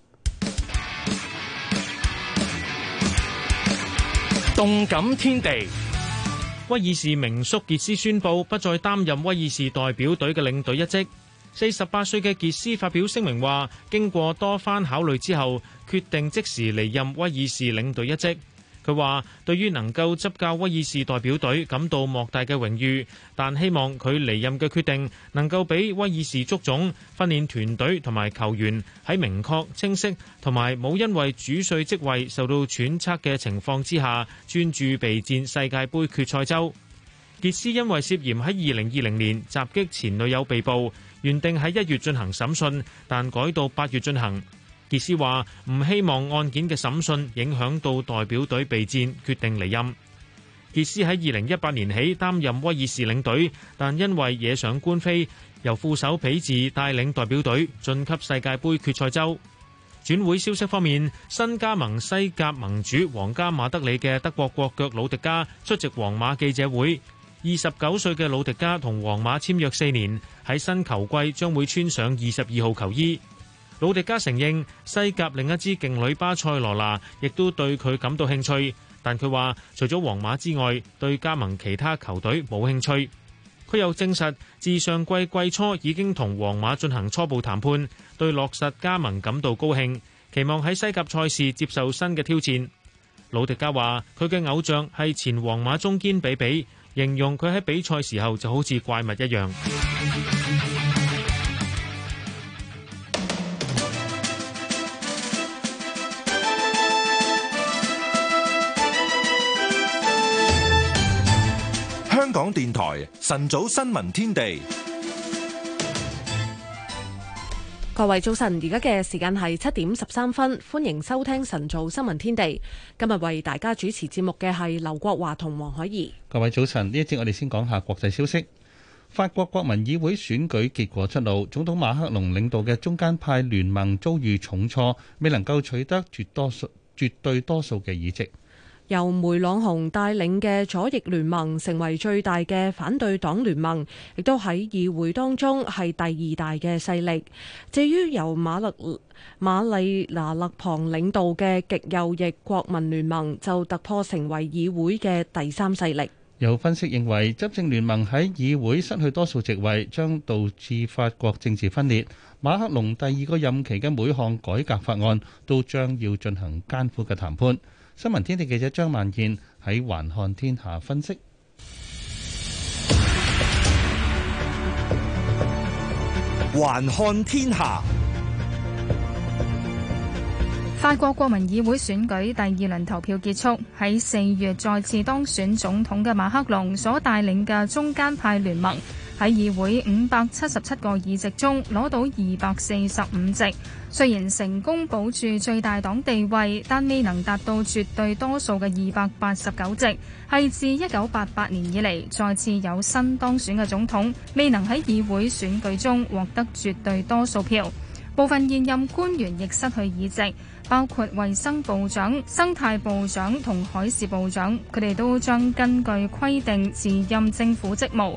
動感天地。威爾士名宿傑斯宣布不再擔任威爾士代表隊嘅領隊一職。四十八歲嘅傑斯發表聲明話，經過多番考慮之後，決定即時離任威爾士領隊一職。佢話：對於能夠執教威爾士代表隊，感到莫大嘅榮譽，但希望佢離任嘅決定能夠俾威爾士足總、訓練團隊同埋球員喺明確、清晰同埋冇因為主帥職位受到揣測嘅情況之下，專注備戰世界盃決賽周。傑斯因為涉嫌喺二零二零年襲擊前女友被捕，原定喺一月進行審訊，但改到八月進行。傑斯話：唔希望案件嘅審訊影響到代表隊備戰，決定離任。傑斯喺二零一八年起擔任威爾士領隊，但因為惹上官非，由副手比治帶領代表隊晉級世界盃決賽周。轉會消息方面，新加盟西甲盟主皇家馬德里嘅德國國腳魯迪加出席皇馬記者會。二十九歲嘅魯迪加同皇馬簽約四年，喺新球季將會穿上二十二號球衣。魯迪加承認西甲另一支勁旅巴塞羅那亦都對佢感到興趣，但佢話除咗皇馬之外，對加盟其他球隊冇興趣。佢又證實自上季季初已經同皇馬進行初步談判，對落實加盟感到高興，期望喺西甲賽事接受新嘅挑戰。魯迪加話佢嘅偶像係前皇馬中堅比比，形容佢喺比賽時候就好似怪物一樣。電台晨早新聞天地，各位早晨，而家嘅時間係七點十三分，歡迎收聽晨早新聞天地。今日為大家主持節目嘅係劉國華同黃海怡。各位早晨，呢一節我哋先講下國際消息。法國國民議會選舉結果出爐，總統馬克龍領導嘅中間派聯盟遭遇重挫，未能夠取得絕多數、絕對多數嘅議席。由梅朗雄帶領嘅左翼聯盟成為最大嘅反對黨聯盟，亦都喺議會當中係第二大嘅勢力。至於由馬勒馬麗拿勒龐領導嘅極右翼國民聯盟就突破成為議會嘅第三勢力。有分析認為執政聯盟喺議會失去多數席位，將導致法國政治分裂。馬克龍第二個任期嘅每項改革法案都將要進行艱苦嘅談判。新聞天地記者張萬健喺《環看天下》分析，《環看天下》，法國國民議會選舉第二輪投票結束，喺四月再次當選總統嘅馬克龍所帶領嘅中間派聯盟。喺議會五百七十七個議席中攞到二百四十五席，雖然成功保住最大黨地位，但未能達到絕對多數嘅二百八十九席，係自一九八八年以嚟再次有新當選嘅總統未能喺議會選舉中獲得絕對多數票。部分現任官員亦失去議席，包括衞生部長、生態部長同海事部長，佢哋都將根據規定辭任政府職務。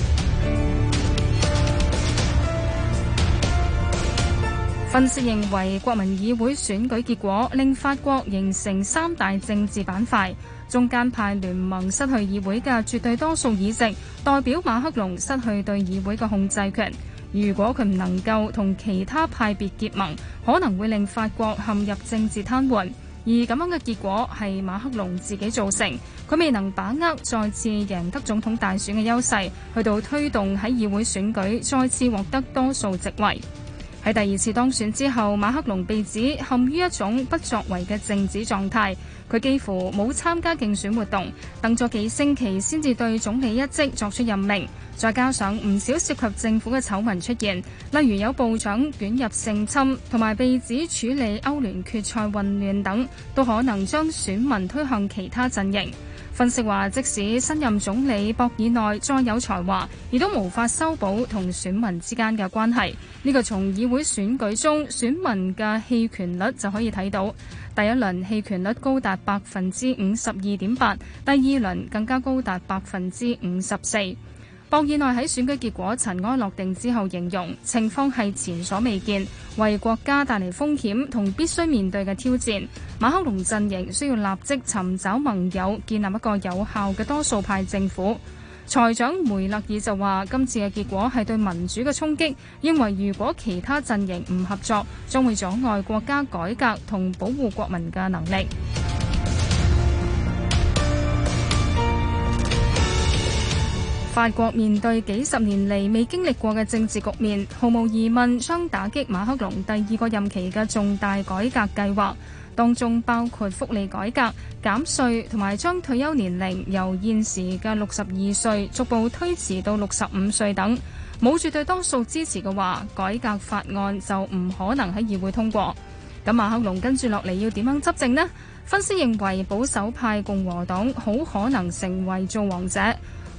分析認為，國民議會選舉結果令法國形成三大政治板塊，中間派聯盟失去議會嘅絕對多數議席，代表馬克龍失去對議會嘅控制權。如果佢唔能夠同其他派別結盟，可能會令法國陷入政治癱瘓。而咁樣嘅結果係馬克龍自己造成，佢未能把握再次贏得總統大選嘅優勢，去到推動喺議會選舉再次獲得多數席位。喺第二次當選之後，馬克龍被指陷於一種不作為嘅政治狀態，佢幾乎冇參加競選活動，等咗幾星期先至對總理一職作出任命。再加上唔少涉及政府嘅醜聞出現，例如有部長捲入性侵，同埋被指處理歐聯決賽混亂等，都可能將選民推向其他陣營。分析話，即使新任總理博爾內再有才華，亦都無法修補同選民之間嘅關係。呢個從議會選舉中選民嘅棄權率就可以睇到。第一輪棄權率高達百分之五十二點八，第二輪更加高達百分之五十四。博爾內喺選舉結果塵埃落定之後形容情況係前所未見，為國家帶嚟風險同必須面對嘅挑戰。馬克龍陣營需要立即尋找盟友，建立一個有效嘅多數派政府。財長梅勒爾就話，今次嘅結果係對民主嘅衝擊，因為如果其他陣營唔合作，將會阻礙國家改革同保護國民嘅能力。法國面對幾十年嚟未經歷過嘅政治局面，毫無疑問將打擊馬克龍第二個任期嘅重大改革計劃，當中包括福利改革、減稅同埋將退休年齡由現時嘅六十二歲逐步推遲到六十五歲等。冇絕對多數支持嘅話，改革法案就唔可能喺議會通過。咁馬克龍跟住落嚟要點樣執政呢？分析認為保守派共和黨好可能成為造王者。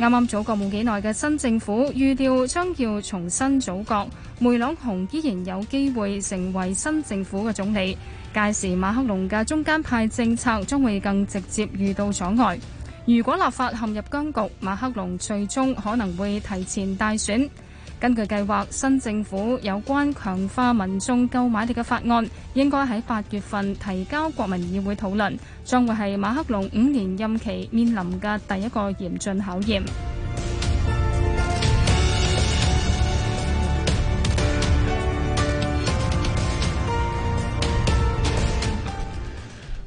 啱啱組閣冇幾耐嘅新政府預料將要重新組閣，梅朗雄依然有機會成為新政府嘅總理。屆時馬克龍嘅中間派政策將會更直接遇到阻礙。如果立法陷入僵局，馬克龍最終可能會提前大選。根據計劃，新政府有關強化民眾購買力嘅法案應該喺八月份提交國民議會討論，將會係馬克龍五年任期面臨嘅第一個嚴峻考驗。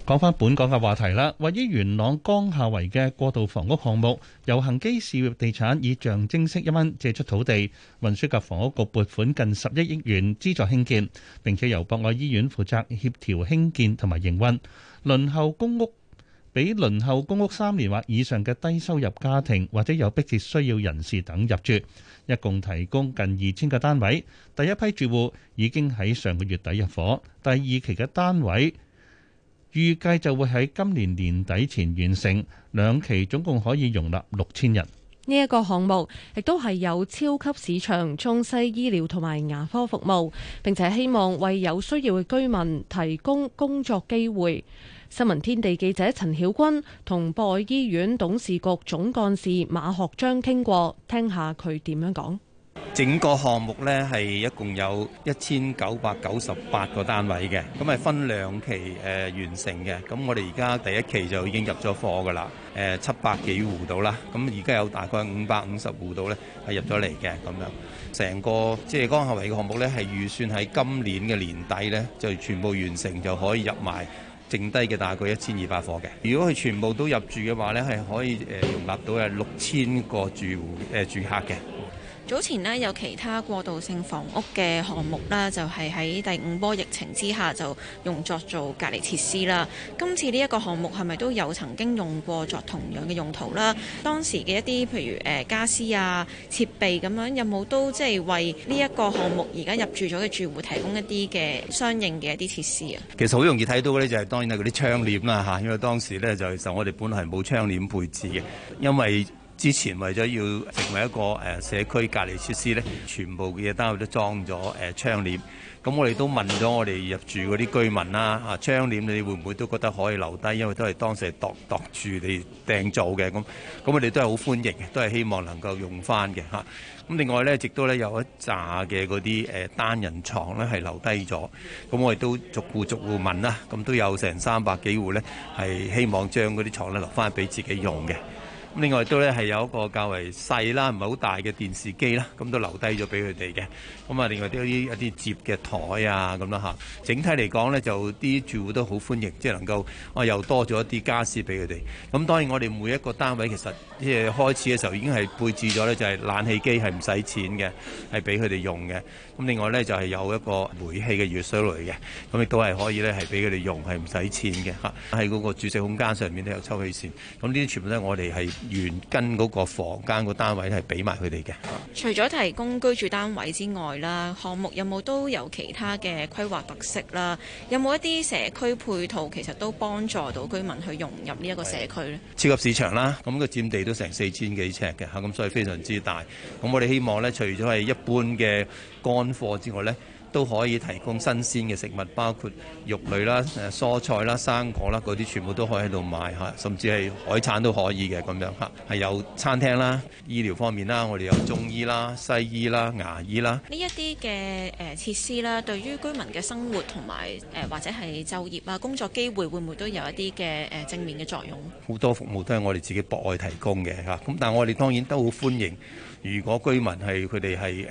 講翻本港嘅話題啦，位於元朗江夏圍嘅過渡房屋項目，由恒基事業地產以象徵式一蚊借出土地，運輸及房屋局撥款近十一億元資助興建，並且由博愛醫院負責協調興建同埋營運。輪候公屋，俾輪候公屋三年或以上嘅低收入家庭，或者有迫切需要人士等入住，一共提供近二千個單位。第一批住戶已經喺上個月底入伙，第二期嘅單位。預計就會喺今年年底前完成，兩期總共可以容納六千人。呢一個項目亦都係有超級市場、中西醫療同埋牙科服務，並且希望為有需要嘅居民提供工作機會。新聞天地記者陳曉君同博愛醫院董事局總幹事馬學章傾過，聽下佢點樣講。整個項目呢，係一共有一千九百九十八個單位嘅，咁係分兩期誒、呃、完成嘅。咁我哋而家第一期就已經入咗貨㗎喇，誒、呃、七百幾戶到啦。咁而家有大概五百五十戶到呢，係入咗嚟嘅，咁樣。成個即係江夏圍嘅項目呢，係預算喺今年嘅年底呢，就全部完成就可以入埋，剩低嘅大概一千二百戶嘅。如果佢全部都入住嘅話呢係可以誒、呃、容納到係六千個住戶誒、呃、住客嘅。早前呢，有其他過渡性房屋嘅項目啦，就係喺第五波疫情之下就用作做隔離設施啦。今次呢一個項目係咪都有曾經用過作同樣嘅用途啦？當時嘅一啲譬如誒、呃、傢俬啊、設備咁樣，有冇都即係為呢一個項目而家入住咗嘅住戶提供一啲嘅相應嘅一啲設施啊？其實好容易睇到嘅咧、就係，就係當然係嗰啲窗簾啦嚇，因為當時呢，就其實我哋本來冇窗簾配置嘅，因為，之前為咗要成為一個誒社區隔離設施呢，全部嘅嘢單位都裝咗誒窗簾。咁我哋都問咗我哋入住嗰啲居民啦，啊窗簾你會唔會都覺得可以留低？因為都係當時係度度住你訂做嘅。咁咁我哋都係好歡迎，都係希望能夠用翻嘅嚇。咁另外呢，亦都呢有一紮嘅嗰啲誒單人床呢，係留低咗。咁我哋都逐戶逐戶問啦，咁都有成三百幾戶呢，係希望將嗰啲床呢留翻俾自己用嘅。另外都咧係有一個較為細啦，唔係好大嘅電視機啦，咁都留低咗俾佢哋嘅。咁啊，另外都有啲一啲摺嘅枱啊，咁啦嚇。整體嚟講咧，就啲住戶都好歡迎，即係能夠啊又多咗一啲傢俬俾佢哋。咁當然我哋每一個單位其實即係開始嘅時候已經係配置咗咧，就係冷氣機係唔使錢嘅，係俾佢哋用嘅。咁另外咧就係、是、有一個煤氣嘅熱水爐嘅，咁亦都係可以咧係俾佢哋用係唔使錢嘅嚇。喺嗰個煮食空間上面都有抽氣扇，咁呢啲全部都係我哋係。原跟嗰個房間個單位咧係俾埋佢哋嘅。除咗提供居住單位之外啦，項目有冇都有其他嘅規劃特色啦？有冇一啲社區配套其實都幫助到居民去融入呢一個社區咧？超級市場啦，咁個佔地都成四千幾尺嘅吓，咁所以非常之大。咁我哋希望咧，除咗係一般嘅乾貨之外咧。都可以提供新鮮嘅食物，包括肉類啦、蔬菜啦、生果啦，嗰啲全部都可以喺度買嚇，甚至係海產都可以嘅咁樣嚇。係有餐廳啦，醫療方面啦，我哋有中醫啦、西醫啦、牙醫啦。呢一啲嘅誒設施啦，對於居民嘅生活同埋誒或者係就業啊、工作機會，會唔會都有一啲嘅誒正面嘅作用？好多服務都係我哋自己博愛提供嘅嚇，咁但係我哋當然都好歡迎。如果居民係佢哋係誒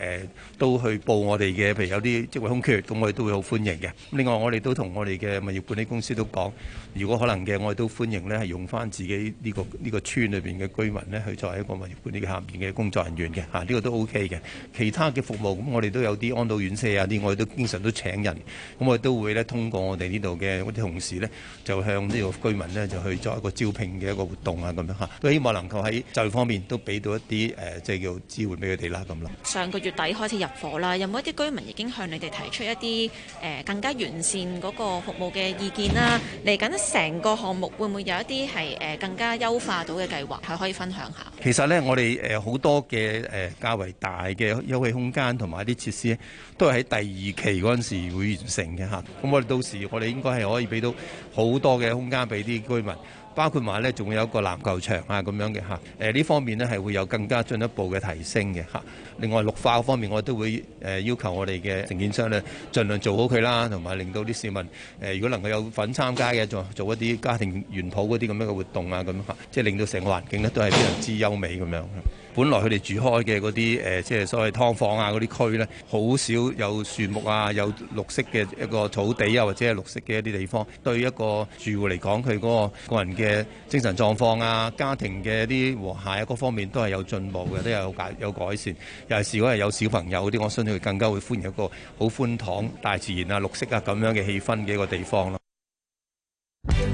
都去報我哋嘅，譬如有啲職位空缺，咁我哋都會好歡迎嘅。另外我哋都同我哋嘅物業管理公司都講，如果可能嘅，我哋都歡迎咧，係用翻自己呢個呢個村裏邊嘅居民咧，去作為一個物業管理下面嘅工作人員嘅嚇，呢個都 OK 嘅。其他嘅服務咁，我哋都有啲安老院舍啊啲，我哋都經常都請人，咁我哋都會咧通過我哋呢度嘅嗰啲同事呢，就向呢個居民呢，就去作一個招聘嘅一個活動啊咁樣嚇。都希望能夠喺就業方面都俾到一啲誒，即、呃、係叫，叫。支援俾佢哋啦，咁咯。上個月底開始入伙啦，有冇一啲居民已經向你哋提出一啲誒、呃、更加完善嗰個服務嘅意見啦？嚟緊成個項目會唔會有一啲係誒更加優化到嘅計劃，係可以分享下？其實咧，我哋誒好多嘅誒、呃、較為大嘅休憩空間同埋一啲設施都係喺第二期嗰陣時會完成嘅嚇。咁我哋到時我哋應該係可以俾到好多嘅空間俾啲居民。包括埋呢，仲有一個籃球場啊，咁樣嘅吓。誒呢方面呢，係會有更加進一步嘅提升嘅吓。另外綠化方面，我都會誒要求我哋嘅承建商呢，盡量做好佢啦，同埋令到啲市民誒如果能夠有份參加嘅，做做一啲家庭園圃嗰啲咁樣嘅活動啊，咁吓，即係令到成個環境呢，都係非常之優美咁樣。本來佢哋住開嘅嗰啲誒，即、呃、係所謂劏房啊，嗰啲區呢，好少有樹木啊，有綠色嘅一個草地啊，或者係綠色嘅一啲地方，對於一個住戶嚟講，佢嗰個個人嘅精神狀況啊，家庭嘅啲和諧啊，各方面都係有進步嘅，都有改有改善。尤其係，如果係有小朋友啲，我相信佢更加會歡迎一個好寬敞、大自然啊、綠色啊咁樣嘅氣氛嘅一個地方咯。 <music>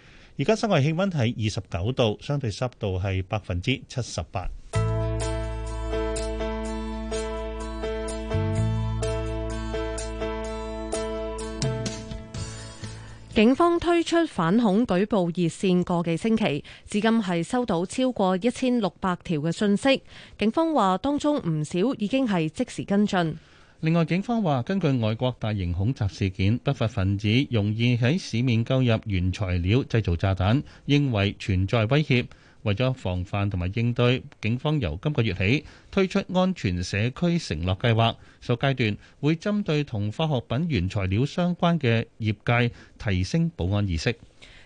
而家室外氣溫係二十九度，相對濕度係百分之七十八。警方推出反恐舉報熱線，個幾星期至今係收到超過一千六百條嘅信息。警方話當中唔少已經係即時跟進。另外，警方話根據外國大型恐襲事件，不法分子容易喺市面購入原材料製造炸彈，認為存在威脅。為咗防範同埋應對，警方由今個月起推出安全社區承諾計劃，首階段會針對同化學品原材料相關嘅業界提升保安意識。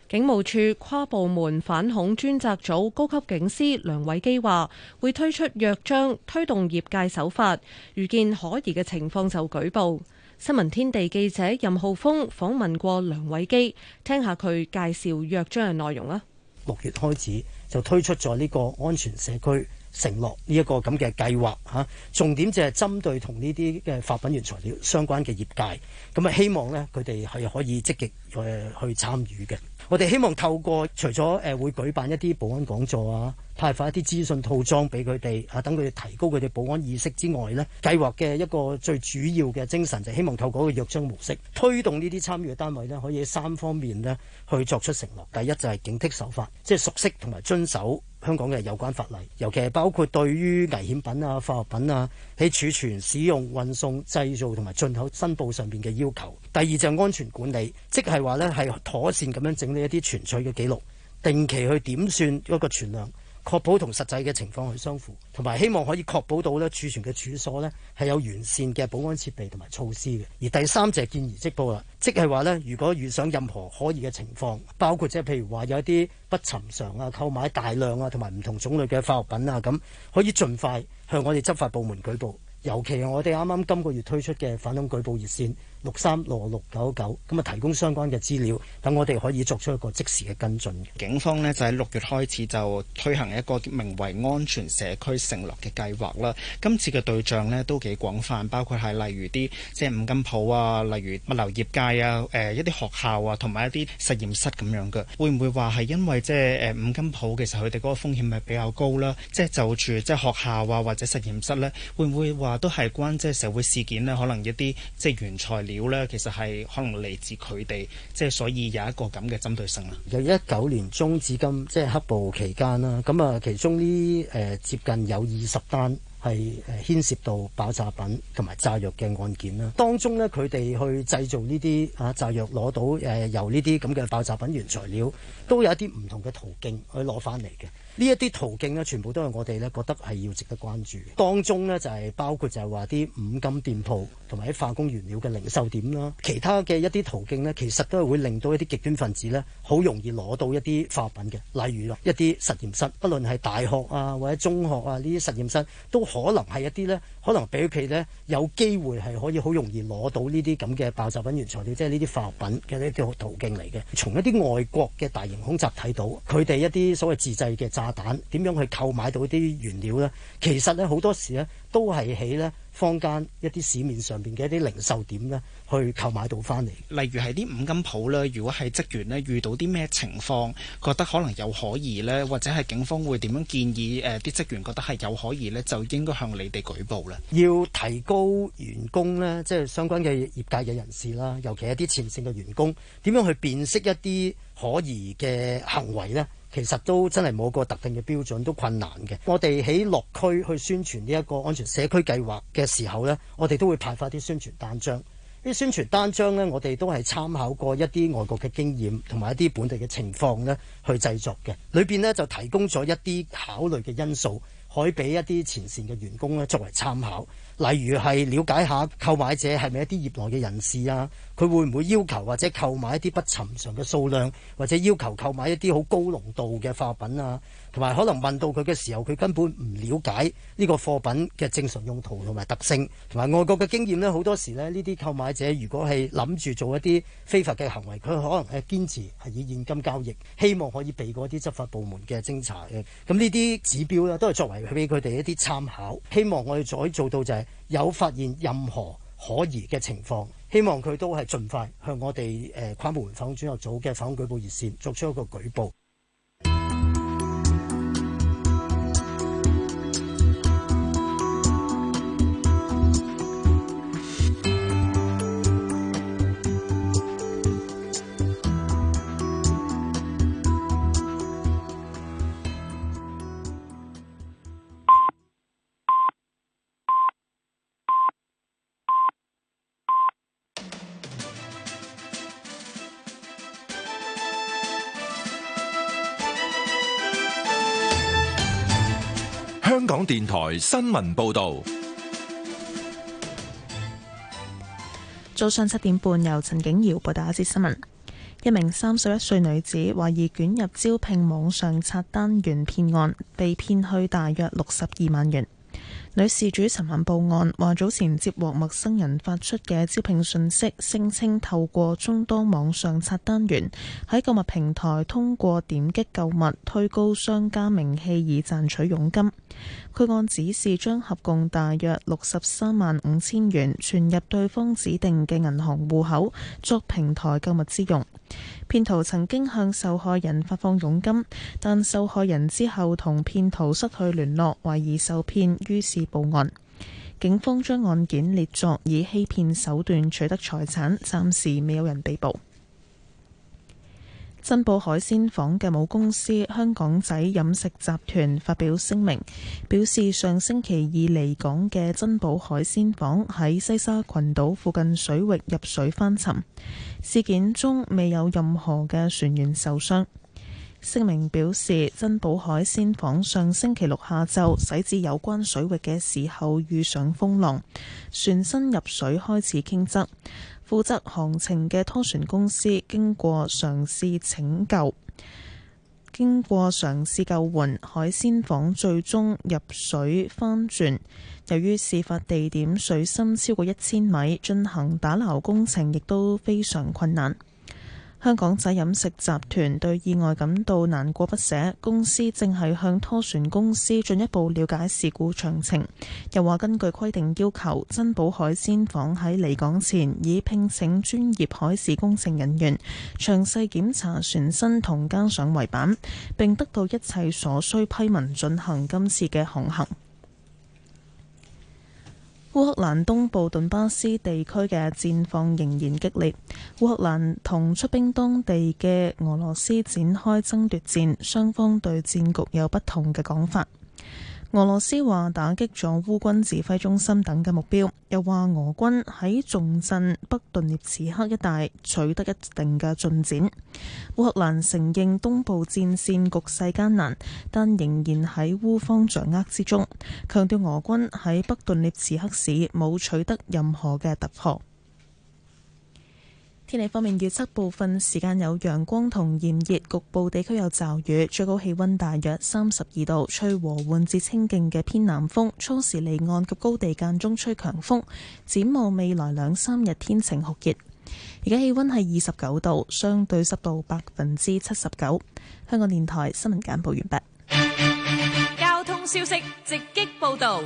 警務處跨部門反恐專責組高級警司梁偉基話，會推出約章，推動業界手法，遇見可疑嘅情況就舉報。新聞天地記者任浩峰訪問過梁偉基，聽下佢介紹約章嘅內容啊，六月開始就推出咗呢個安全社區承諾呢一個咁嘅計劃吓，重點就係針對同呢啲嘅化品原材料相關嘅業界，咁啊希望咧佢哋係可以積極去去參與嘅。我哋希望透過除咗誒會舉辦一啲保安講座啊，派發一啲資訊套裝俾佢哋啊，等佢哋提高佢哋保安意識之外咧，計劃嘅一個最主要嘅精神就希望透過個約章模式推動呢啲參與嘅單位咧，可以三方面咧去作出承諾。第一就係警惕守法，即係熟悉同埋遵守。香港嘅有關法例，尤其係包括對於危險品啊、化學品啊喺儲存、使用、運送、製造同埋進口申報上邊嘅要求。第二就係安全管理，即係話咧係妥善咁樣整理一啲存取嘅記錄，定期去點算一個存量。確保同實際嘅情況去相符，同埋希望可以確保到咧儲存嘅處所咧係有完善嘅保安設備同埋措施嘅。而第三隻建議即係報啦，即係話咧，如果遇上任何可疑嘅情況，包括即係譬如話有一啲不尋常啊、購買大量啊同埋唔同種類嘅化學品啊咁，可以盡快向我哋執法部門舉報，尤其係我哋啱啱今個月推出嘅反恐舉報熱線。六三六六九九咁啊，99，提供相關嘅資料，等我哋可以作出一個即時嘅跟進。警方咧就喺六月開始就推行一個名為安全社區承諾嘅計劃啦。今次嘅對象咧都幾廣泛，包括係例如啲即係五金鋪啊，例如物流業界啊，誒、呃、一啲學校啊，同埋一啲實驗室咁樣嘅。會唔會話係因為即係誒五金鋪其實佢哋嗰個風險係比較高啦，即係就住即係學校啊，或者實驗室咧，會唔會話都係關即係社會事件咧？可能一啲即係原材料。料咧，其實係可能嚟自佢哋，即係所以有一個咁嘅針對性啦。由一九年中至今，即係黑暴期間啦，咁啊，其中呢誒接近有二十單係誒牽涉到爆炸品同埋炸藥嘅案件啦。當中呢，佢哋去製造呢啲啊炸藥，攞到誒由呢啲咁嘅爆炸品原材料，都有一啲唔同嘅途徑去攞翻嚟嘅，呢一啲途徑呢，全部都係我哋呢覺得係要值得關注。當中呢，就係包括就係話啲五金店鋪同埋喺化工原料嘅零售點啦，其他嘅一啲途徑呢，其實都係會令到一啲極端分子呢，好容易攞到一啲化學品嘅。例如啊，一啲實驗室，不論係大學啊或者中學啊呢啲實驗室，都可能係一啲呢，可能俾佢哋呢有機會係可以好容易攞到呢啲咁嘅爆炸品原材料，即係呢啲化學品嘅呢啲途徑嚟嘅。從一啲外國嘅大型恐襲睇到佢哋一啲所謂自製嘅炸彈，點樣去購買到啲原料咧？其實咧，好多時咧都係起咧。坊間一啲市面上邊嘅一啲零售點呢，去購買到翻嚟，例如係啲五金鋪呢，如果係職員呢，遇到啲咩情況，覺得可能有可疑呢，或者係警方會點樣建議？誒，啲職員覺得係有可疑呢，就應該向你哋舉報啦。要提高員工呢，即係相關嘅業界嘅人士啦，尤其係啲前線嘅員工點樣去辨識一啲可疑嘅行為呢？其實都真係冇個特定嘅標準，都困難嘅。我哋喺落區去宣傳呢一個安全社區計劃嘅時候呢，我哋都會派發啲宣傳單張。啲宣傳單張呢，我哋都係參考過一啲外國嘅經驗同埋一啲本地嘅情況呢去製作嘅。裏邊呢，就提供咗一啲考慮嘅因素，可以俾一啲前線嘅員工呢作為參考。例如係了解下購買者係咪一啲業內嘅人士啊？佢會唔會要求或者購買一啲不尋常嘅數量，或者要求購買一啲好高濃度嘅化學品啊？同埋可能問到佢嘅時候，佢根本唔了解呢個貨品嘅正常用途同埋特性，同埋外國嘅經驗呢，好多時咧呢啲購買者如果係諗住做一啲非法嘅行為，佢可能係堅持係以現金交易，希望可以避過啲執法部門嘅偵查嘅。咁呢啲指標咧，都係作為俾佢哋一啲參考，希望我哋再做到就係有發現任何可疑嘅情況，希望佢都係盡快向我哋誒跨部門反貪組嘅反貪舉報熱線作出一個舉報。電台新聞報道：早上七點半，由陳景瑤報道一節新聞。一名三十一歲女子懷疑捲入招聘網上刷單員騙案，被騙去大約六十二萬元。女事主尋晚報案，話早前接獲陌生人發出嘅招聘信息，聲稱透過眾多網上刷單員喺購物平台通過點擊購物推高商家名氣以賺取佣金。佢按指示將合共大約六十三萬五千元存入對方指定嘅銀行戶口，作平台購物之用。騙徒曾經向受害人發放佣金，但受害人之後同騙徒失去聯絡，懷疑受騙，於是報案。警方將案件列作以欺騙手段取得財產，暫時未有人被捕。珍寶海鮮舫嘅母公司香港仔飲食集團發表聲明，表示上星期二離港嘅珍寶海鮮舫喺西沙群島附近水域入水翻沉。事件中未有任何嘅船員受傷，聲明表示，珍寶海鮮舫上星期六下晝駛至有關水域嘅時候遇上風浪，船身入水開始傾側，負責航程嘅拖船公司經過嘗試拯救，經過嘗試救援，海鮮舫最終入水翻轉。由於事發地點水深超過一千米，進行打撈工程亦都非常困難。香港仔飲食集團對意外感到難過不捨，公司正係向拖船公司進一步了解事故詳情。又話根據規定要求，珍寶海鮮舫喺離港前已聘請專業海事工程人員詳細檢查船身同加上圍板，並得到一切所需批文，進行今次嘅航行。烏克蘭東部頓巴斯地區嘅戰況仍然激烈，烏克蘭同出兵當地嘅俄羅斯展開爭奪戰，雙方對戰局有不同嘅講法。俄羅斯話打擊咗烏軍指揮中心等嘅目標，又話俄軍喺重鎮北頓涅茨克一帶取得一定嘅進展。烏克蘭承認東部戰線局勢艱難，但仍然喺烏方掌握之中，強調俄軍喺北頓涅茨克市冇取得任何嘅突破。天氣方面，預測部分時間有陽光同炎熱，局部地區有驟雨，最高氣溫大約三十二度，吹和緩至清勁嘅偏南風，初時離岸及高地間中吹強風。展望未來兩三日天晴酷熱，而家氣溫係二十九度，相對濕度百分之七十九。香港電台新聞簡報完畢。交通消息直擊報道。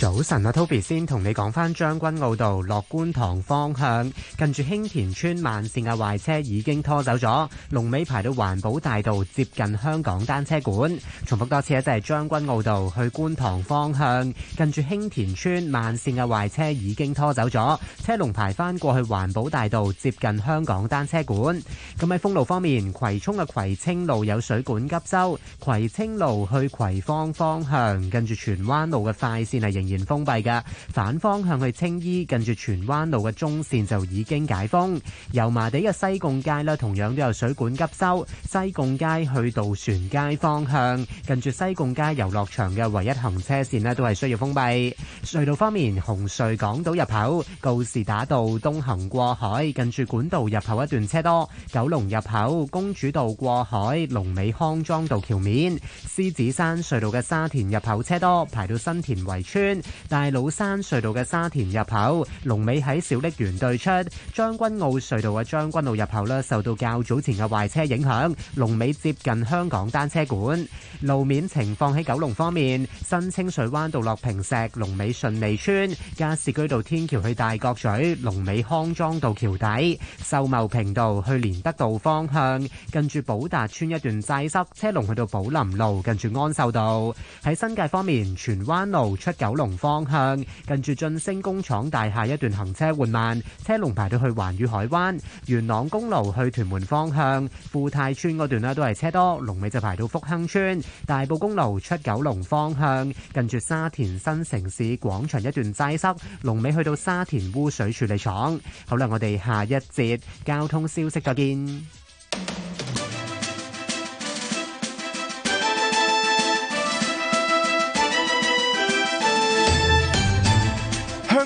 早晨啊，Toby 先同你講翻將軍澳道落觀塘方向近住興田村慢線嘅壞車已經拖走咗，龍尾排到環保大道接近香港單車館。重複多次啊，就係將軍澳道去觀塘方向近住興田村慢線嘅壞車已經拖走咗，車龍排翻過去環保大道接近香港單車館。咁喺封路方面，葵涌嘅葵青路有水管急修，葵青路去葵芳方向近住荃灣路嘅快線係仍。然封閉嘅，反方向去青衣，近住荃灣路嘅中綫就已經解封。油麻地嘅西貢街呢，同樣都有水管急修。西貢街去渡船街方向，近住西貢街遊樂場嘅唯一行車綫呢，都係需要封閉。隧道方面，紅隧港島入口告士打道東行過海，近住管道入口一段車多。九龍入口公主道過海，龍尾康莊道橋面，獅子山隧道嘅沙田入口車多，排到新田圍村。大老山隧道嘅沙田入口，龍尾喺小瀝源對出；將軍澳隧道嘅將軍澳入口咧，受到較早前嘅壞車影響，龍尾接近香港單車館。路面情況喺九龍方面，新清水灣道落坪石，龍尾順利村；加士居道天橋去大角咀，龍尾康莊道橋底；秀茂坪道去連德道方向，近住寶達村一段擠塞，車龍去到寶林路，近住安秀道。喺新界方面，荃灣路出九龍。方向近住晉升工廠大廈一段行車緩慢，車龍排到去環宇海灣。元朗公路去屯門方向，富泰村嗰段咧都係車多，龍尾就排到福亨村。大埔公路出九龍方向，近住沙田新城市廣場一段擠塞，龍尾去到沙田污水處理廠。好啦，我哋下一節交通消息再見。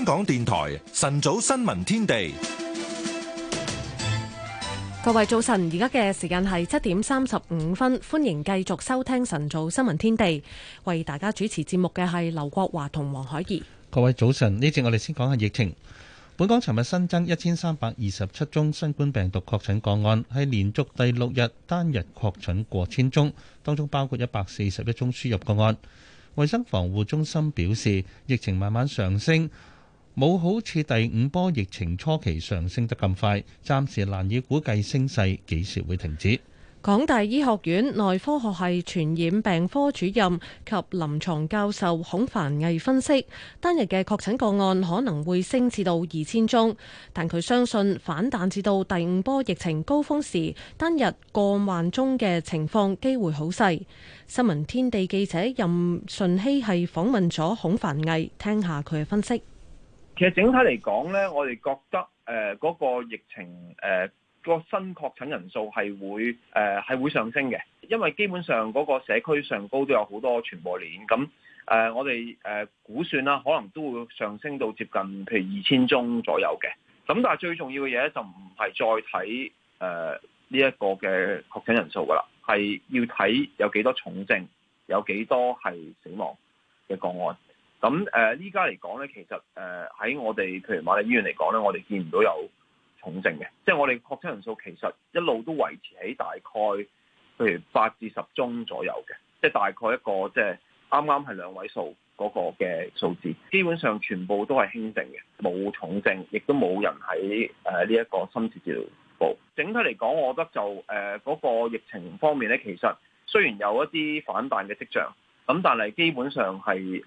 香港電台晨早新聞天地，各位早晨，而家嘅時間係七點三十五分，歡迎繼續收聽晨早新聞天地。為大家主持節目嘅係劉國華同黃海怡。各位早晨，呢節我哋先講下疫情。本港尋日新增一千三百二十七宗新冠病毒確診個案，係連續第六日單日確診過千宗，當中包括一百四十一宗輸入個案。衛生防護中心表示，疫情慢慢上升。冇好似第五波疫情初期上升得咁快，暫時難以估計升勢幾時會停止。港大醫學院內科學系傳染病科主任及臨床教授孔凡毅分析，單日嘅確診個案可能會升至到二千宗，但佢相信反彈至到第五波疫情高峰時，單日過萬宗嘅情況機會好細。新聞天地記者任順希係訪問咗孔凡毅，聽下佢嘅分析。其實整體嚟講咧，我哋覺得誒，嗰、呃那個疫情誒，呃那個新確診人數係會誒係、呃、會上升嘅，因為基本上嗰個社區上高都有好多傳播鏈，咁誒、呃、我哋誒、呃、估算啦，可能都會上升到接近譬如二千宗左右嘅。咁但係最重要嘅嘢就唔係再睇誒呢一個嘅確診人數㗎喇，係要睇有幾多重症，有幾多係死亡嘅個案。咁誒，依家嚟講咧，其實誒喺我哋譬如瑪麗醫院嚟講咧，我哋見唔到有重症嘅，即係我哋確診人數其實一路都維持喺大概譬如八至十宗左右嘅，即係大概一個即係啱啱係兩位數嗰個嘅數字，基本上全部都係輕症嘅，冇重症，亦都冇人喺誒呢一個深切治療部。整體嚟講，我覺得就誒嗰個疫情方面咧，其實雖然有一啲反彈嘅跡象。咁但係基本上係誒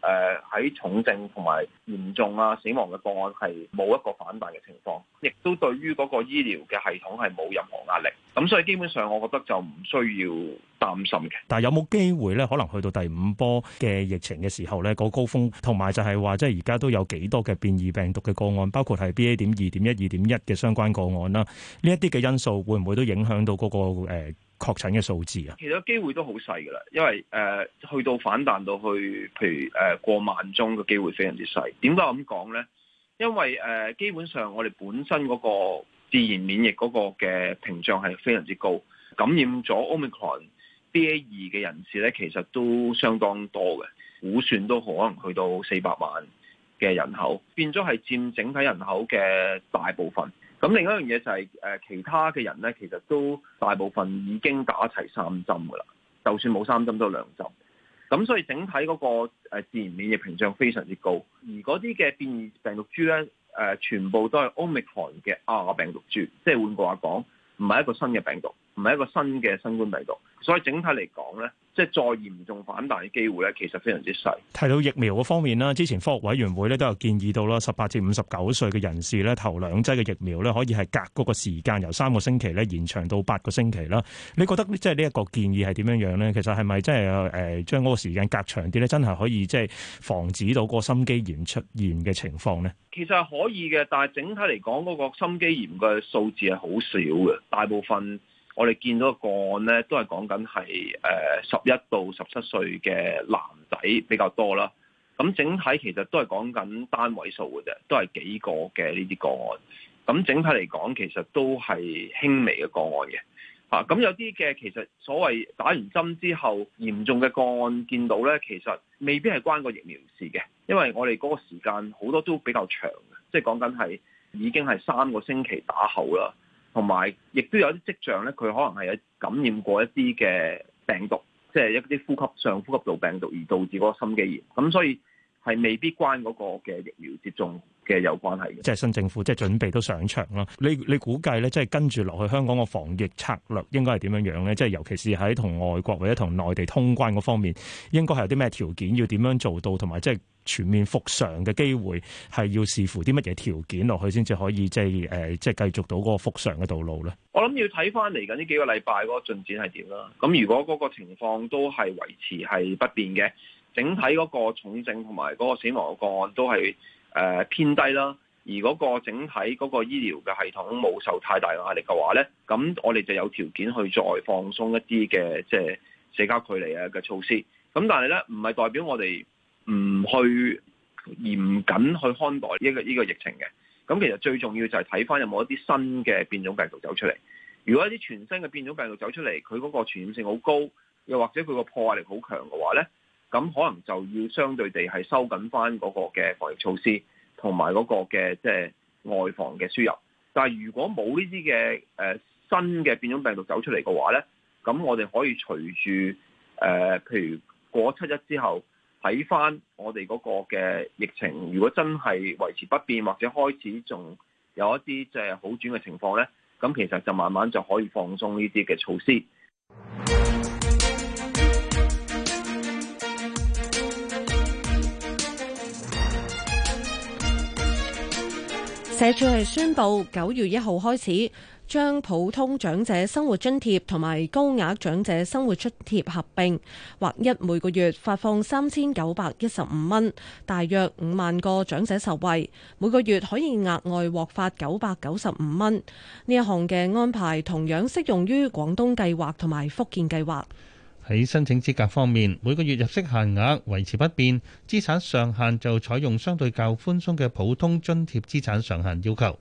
喺重症同埋嚴重啊死亡嘅個案係冇一個反彈嘅情況，亦都對於嗰個醫療嘅系統係冇任何壓力。咁所以基本上我覺得就唔需要擔心嘅。但係有冇機會呢？可能去到第五波嘅疫情嘅時候呢，個高峰同埋就係話即係而家都有幾多嘅變異病毒嘅個案，包括係 BA. 點二點一二點一嘅相關個案啦。呢一啲嘅因素會唔會都影響到嗰、個、呃確診嘅數字啊，其實機會都好細㗎喇，因為誒、呃、去到反彈到去，譬如誒、呃、過萬宗嘅機會非常之細。點解我咁講咧？因為誒、呃、基本上我哋本身嗰個自然免疫嗰個嘅屏障係非常之高，感染咗 Omicron BA 二嘅人士咧，其實都相當多嘅，估算都可能去到四百萬嘅人口，變咗係佔整體人口嘅大部分。咁另一樣嘢就係、是、誒、呃、其他嘅人咧，其實都大部分已經打齊三針㗎啦，就算冇三針都兩針。咁所以整體嗰個自然免疫屏障非常之高，而嗰啲嘅變異病毒株咧，誒、呃、全部都係 Omicron 嘅亞病毒株，即係換句話講，唔係一個新嘅病毒，唔係一個新嘅新冠病毒。所以整體嚟講咧。即係再嚴重反彈嘅機會咧，其實非常之細。提到疫苗嘅方面啦，之前科學委員會咧都有建議到啦，十八至五十九歲嘅人士咧，頭兩劑嘅疫苗咧，可以係隔嗰個時間由三個星期咧延長到八個星期啦。你覺得即係呢一個建議係點樣樣咧？其實係咪真係誒將嗰個時間隔長啲咧？真係可以即係防止到個心肌炎出現嘅情況咧？其實係可以嘅，但係整體嚟講，嗰個心肌炎嘅數字係好少嘅，大部分。我哋見到個案咧，都係講緊係誒十一到十七歲嘅男仔比較多啦。咁、嗯、整體其實都係講緊單位數嘅啫，都係幾個嘅呢啲個案。咁、嗯、整體嚟講，其實都係輕微嘅個案嘅。嚇、啊，咁、嗯、有啲嘅其實所謂打完針之後嚴重嘅個案見到咧，其實未必係關個疫苗事嘅，因為我哋嗰個時間好多都比較長，即係講緊係已經係三個星期打後啦。同埋，亦都有啲跡象咧，佢可能係感染過一啲嘅病毒，即係一啲呼吸上呼吸道病毒，而導致嗰個心肌炎。咁所以係未必關嗰個嘅疫苗接種嘅有關係嘅。即係新政府即係準備都上場啦。你你估計咧，即係跟住落去香港個防疫策略應該係點樣樣咧？即係尤其是喺同外國或者同內地通關嗰方面，應該，係有啲咩條件要點樣做到，同埋即係。全面復常嘅機會，係要視乎啲乜嘢條件落去先至可以即係誒、呃、即係繼續到嗰個復常嘅道路咧。我諗要睇翻嚟緊呢幾個禮拜嗰個進展係點啦。咁如果嗰個情況都係維持係不變嘅，整體嗰個重症同埋嗰個死亡個案都係誒、呃、偏低啦。而嗰個整體嗰個醫療嘅系統冇受太大嘅壓力嘅話咧，咁我哋就有條件去再放鬆一啲嘅即係社交距離啊嘅措施。咁但係咧唔係代表我哋。唔去嚴謹去看待呢個呢個疫情嘅，咁其實最重要就係睇翻有冇一啲新嘅變種病毒走出嚟。如果一啲全新嘅變種病毒走出嚟，佢嗰個傳染性好高，又或者佢個破壞力好強嘅話咧，咁可能就要相對地係收緊翻嗰個嘅防疫措施同埋嗰個嘅即係外防嘅輸入。但係如果冇呢啲嘅誒新嘅變種病毒走出嚟嘅話咧，咁我哋可以隨住誒、呃、譬如過咗七一之後。睇翻我哋嗰個嘅疫情，如果真係維持不變，或者開始仲有一啲即係好轉嘅情況呢，咁其實就慢慢就可以放鬆呢啲嘅措施。社署係宣布九月一號開始。將普通長者生活津貼同埋高額長者生活津貼合併，或一每個月發放三千九百一十五蚊，大約五萬個長者受惠，每個月可以額外獲發九百九十五蚊。呢一項嘅安排同樣適用於廣東計劃同埋福建計劃。喺申請資格方面，每個月入息限額維持不變，資產上限就採用相對較寬鬆嘅普通津貼資產上限要求。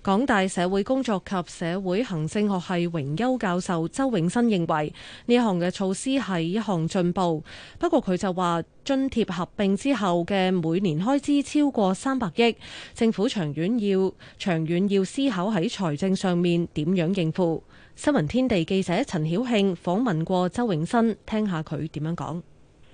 港大社會工作及社會行政學系榮休教授周永新認為呢項嘅措施係一項進步，不過佢就話津貼合併之後嘅每年開支超過三百億，政府長遠要長遠要思考喺財政上面點樣應付。新聞天地記者陳曉慶訪問過周永新，聽下佢點樣講。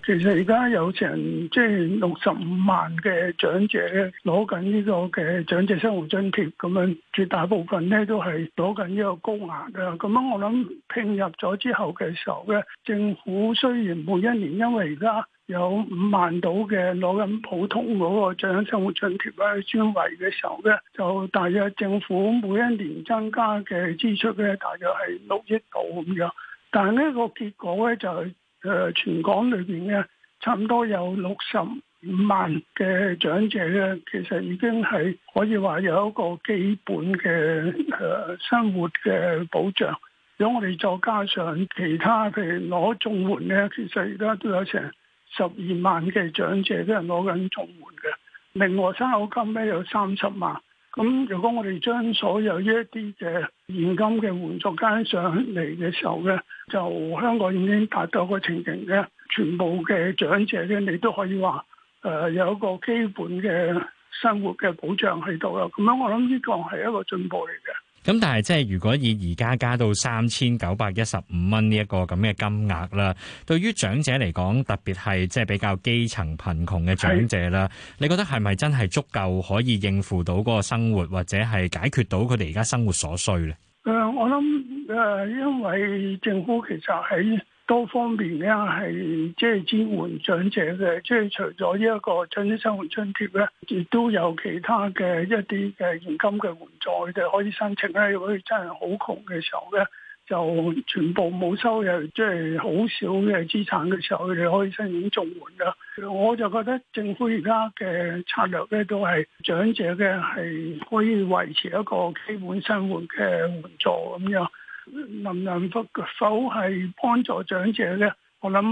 其實而家有成即係六十五萬嘅長者攞緊呢個嘅長者生活津貼咁樣，絕大部分呢都係攞緊呢個高額嘅。咁樣我諗拼入咗之後嘅時候呢，政府雖然每一年，因為而家有五萬到嘅攞緊普通嗰個長者生活津貼咧，專維嘅時候呢就大約政府每一年增加嘅支出呢，大約係六億到咁樣。但係呢個結果呢、就係，就係。誒，全港裏邊咧，差唔多有六十五萬嘅長者咧，其實已經係可以話有一個基本嘅誒生活嘅保障。如果我哋再加上其他，譬如攞綜援咧，其實而家都有成十二萬嘅長者都係攞緊綜援嘅。另外，生果金咧有三十萬。咁如果我哋將所有呢一啲嘅現金嘅援助加上嚟嘅時候咧，就香港已經達到個情形咧，全部嘅長者咧，你都可以話誒、呃、有一個基本嘅生活嘅保障喺度啦。咁樣我諗呢個係一個進步嚟嘅。咁、嗯、但係即係如果以而家加到三千九百一十五蚊呢一個咁嘅金額啦，對於長者嚟講，特別係即係比較基層貧窮嘅長者啦，的你覺得係咪真係足夠可以應付到個生活，或者係解決到佢哋而家生活所需咧？誒、呃，我諗。誒，因為政府其實喺多方面咧，係即係支援長者嘅，即、就、係、是、除咗呢一個長者生活津貼咧，亦都有其他嘅一啲嘅現金嘅援助，佢哋可以申請咧。如果真係好窮嘅時候咧，就全部冇收入，即係好少嘅資產嘅時候，佢哋可以申請綜援噶。我就覺得政府而家嘅策略咧，都係長者嘅係可以維持一個基本生活嘅援助咁樣。能唔能否係幫助長者呢？我諗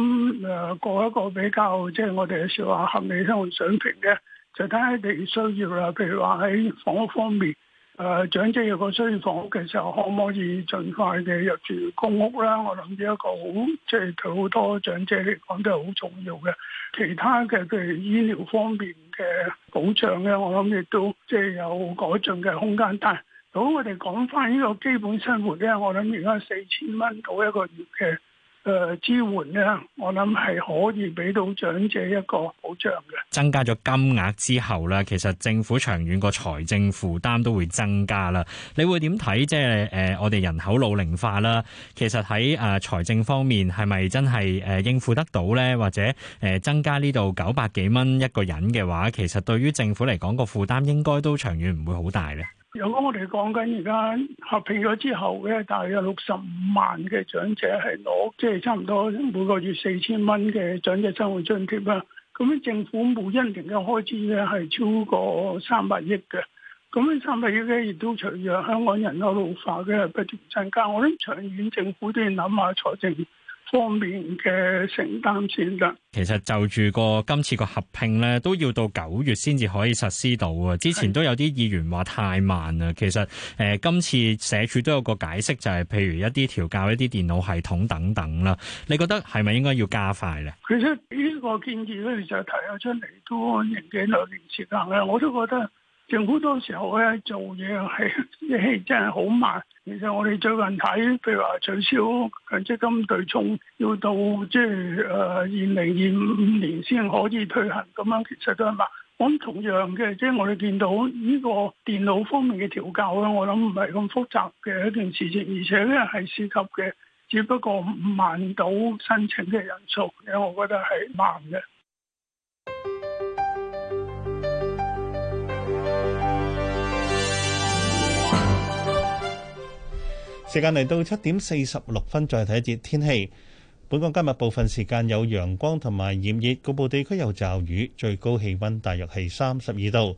誒，過一個比較即係我哋嘅說話，合理生活水平咧，就睇下你需要啦。譬如話喺房屋方面，誒，長者有個需要房屋嘅時候，可唔可以盡快嘅入住公屋啦？我諗呢一個好，即係對好多長者嚟講都係好重要嘅。其他嘅譬如醫療方面嘅保障呢，我諗亦都即係有改進嘅空間，但好，我哋講翻呢個基本生活咧。我諗如果係四千蚊到一個月嘅誒支援咧，我諗係可以俾到長者一個保障嘅，增加咗金額之後咧，其實政府長遠個財政負擔都會增加啦。你會點睇？即係誒、呃，我哋人口老齡化啦，其實喺誒財政方面係咪真係誒、呃、應付得到咧？或者誒、呃、增加呢度九百幾蚊一個人嘅話，其實對於政府嚟講個負擔應該都長遠唔會好大咧。如果我哋講緊而家合併咗之後咧，大約六十五萬嘅長者係攞即係差唔多每個月四千蚊嘅長者生活津貼啦。咁政府每一年嘅開支咧係超過三百億嘅。咁呢三百億咧亦都隨著香港人口老化嘅不斷增加，我諗長遠政府都要諗下財政方面嘅承擔先得。其實就住個今次個合併咧，都要到九月先至可以實施到啊！之前都有啲議員話太慢啦。其實誒、呃，今次社署都有個解釋、就是，就係譬如一啲調校、一啲電腦系統等等啦。你覺得係咪應該要加快咧？其實呢個建議咧，就提咗出嚟都年幾兩年前啦，我都覺得。政府多時候咧做嘢係，真係好慢。其實我哋最近睇，譬如話取消強積金對沖，要到即係誒二零二五年先可以推行。咁樣其實都係慢。我諗同樣嘅，即係我哋見到呢個電腦方面嘅調校，咧，我諗唔係咁複雜嘅一件事情，而且咧係涉及嘅只不過五萬到申請嘅人數，咁我覺得係慢嘅。時間嚟到七點四十六分，再睇一節天氣。本港今日部分時間有陽光同埋炎熱，局部地區有驟雨，最高氣溫大約係三十二度。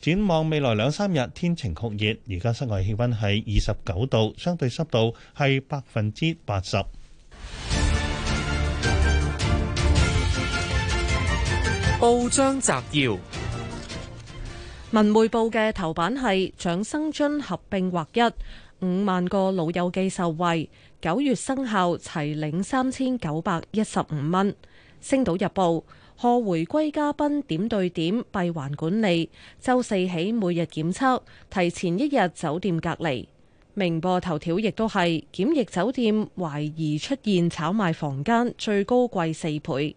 展望未來兩三日天晴酷熱，而家室外氣温係二十九度，相對濕度係百分之八十。報章摘要：文匯報嘅頭版係長生津合併劃一。五萬個老友記受惠，九月生效齊領三千九百一十五蚊。星島日報：賀回歸嘉賓點對點閉環管理，周四起每日檢測，提前一日酒店隔離。明報頭條亦都係檢疫酒店懷疑出現炒賣房間，最高貴四倍。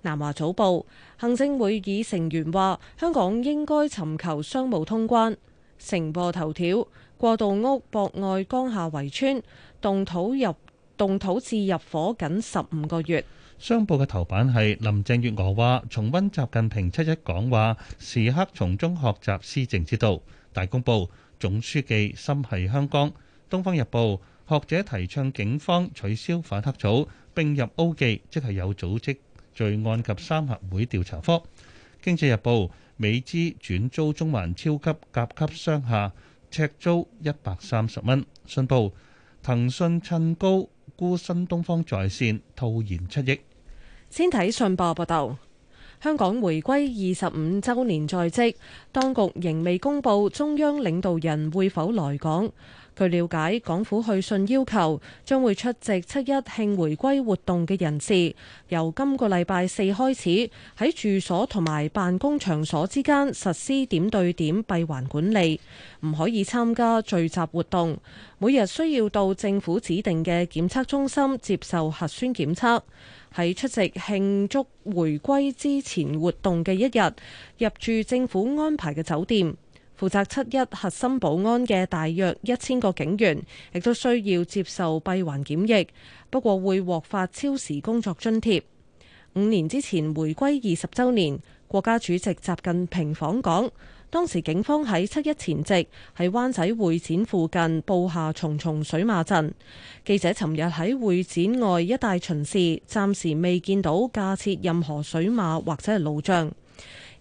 南華早報：行政會議成員話，香港應該尋求商務通關。成報頭條。過渡屋博愛江夏圍村動土入動土，至入伙僅十五個月。商報嘅頭版係林鄭月娥話：重溫習近平七一講話，時刻從中學習施政之道。大公報總書記心係香港。東方日報學者提倡警方取消反黑組，並入 O 記，即係有組織罪案及三合會調查科。經濟日報美資轉租中環超級甲級商廈。呎租一百三十蚊。信報：騰訊趁高沽新東方在線套現七億。先睇信報報道。香港回歸二十五周年在即，當局仍未公布中央領導人會否來港。據了解，港府去信要求將會出席七一慶回歸活動嘅人士，由今個禮拜四開始喺住所同埋辦公場所之間實施點對點閉環管理，唔可以參加聚集活動，每日需要到政府指定嘅檢測中心接受核酸檢測。喺出席慶祝回歸之前活動嘅一日，入住政府安排嘅酒店。負責七一核心保安嘅大約一千個警員，亦都需要接受閉環檢疫，不過會獲發超時工作津貼。五年之前回歸二十週年，國家主席習近平訪港。當時警方喺七一前夕喺灣仔會展附近布下重重水馬陣。記者尋日喺會展外一帶巡視，暫時未見到架設任何水馬或者係路障。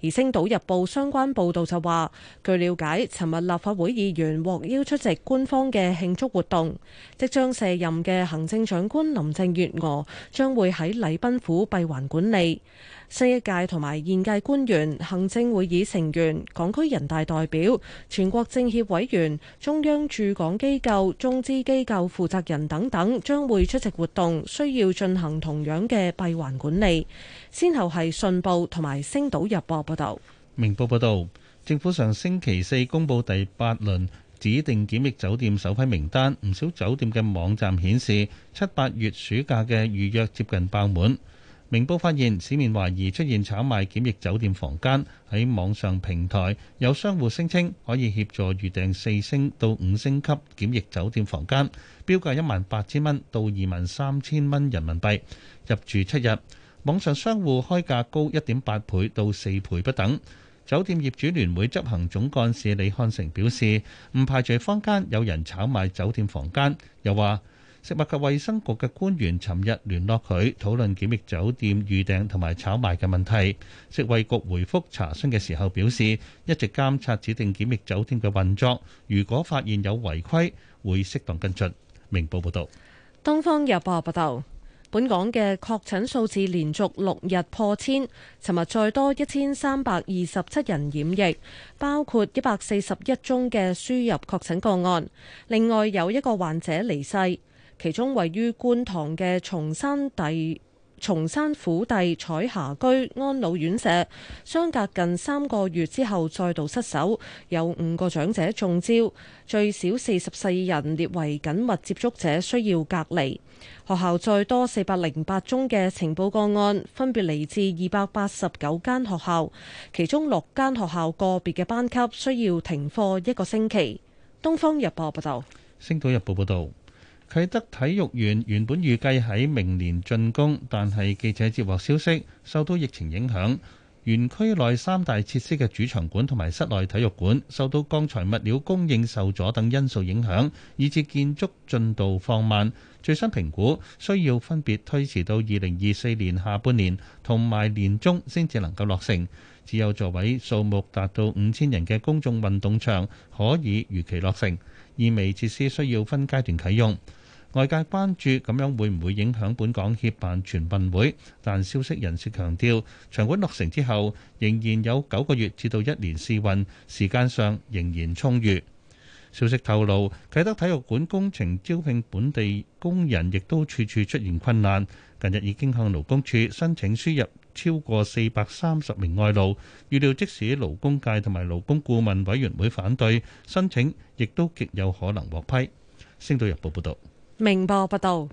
而《星島日報》相關報導就話，據了解，尋日立法會議員獲邀出席官方嘅慶祝活動。即將卸任嘅行政長官林鄭月娥將會喺禮賓府閉環管理。新一屆同埋現屆官員、行政會議成員、港區人大代表、全國政協委員、中央駐港機構、中資機構負責人等等，將會出席活動，需要進行同樣嘅閉環管理。先後係信報同埋星島日報報道，明報報道，政府上星期四公佈第八輪指定檢疫酒店首批名單，唔少酒店嘅網站顯示七八月暑假嘅預約接近爆滿。明報發現市面懷疑出現炒賣檢疫酒店房間喺網上平台，有商戶聲稱可以協助預訂四星到五星級檢疫酒店房間，標價一萬八千蚊到二萬三千蚊人民幣，入住七日。網上商戶開價高一點八倍到四倍不等。酒店業主聯會執行總幹事李漢成表示，唔排除坊間有人炒賣酒店房間。又話，食物及衛生局嘅官員尋日聯絡佢討論檢疫酒店預訂同埋炒賣嘅問題。食衛局回覆查詢嘅時候表示，一直監察指定檢疫酒店嘅運作，如果發現有違規，會適當跟進。明報報道。東方日報報道。本港嘅確診數字連續六日破千，尋日再多一千三百二十七人染疫，包括一百四十一宗嘅輸入確診個案，另外有一個患者離世，其中位於觀塘嘅秀茂坪松山府第、彩霞居，安老院舍相隔近三個月之後再度失守，有五個長者中招，最少四十四人列為緊密接觸者，需要隔離。學校再多四百零八宗嘅呈報個案，分別嚟自二百八十九間學校，其中六間學校個別嘅班級需要停課一個星期。《東方日報》報道。《星島日報》報道。啟德體育園原本預計喺明年竣工，但係記者接獲消息，受到疫情影響，園區內三大設施嘅主場館同埋室內體育館，受到鋼材物料供應受阻等因素影響，以至建築進度放慢。最新評估需要分別推遲到二零二四年下半年同埋年中先至能夠落成，只有座位數目達到五千人嘅公眾運動場可以如期落成，意味設施需要分階段啟用。外界關注咁樣會唔會影響本港協辦全運會？但消息人士強調，場館落成之後仍然有九個月至到一年試運，時間上仍然充裕。消息透露，啟德體育館工程招聘本地工人，亦都處處出現困難。近日已經向勞工處申請輸入超過四百三十名外勞，預料即使勞工界同埋勞工顧問委員會反對，申請亦都極有可能獲批。星島日報報導。明報報道，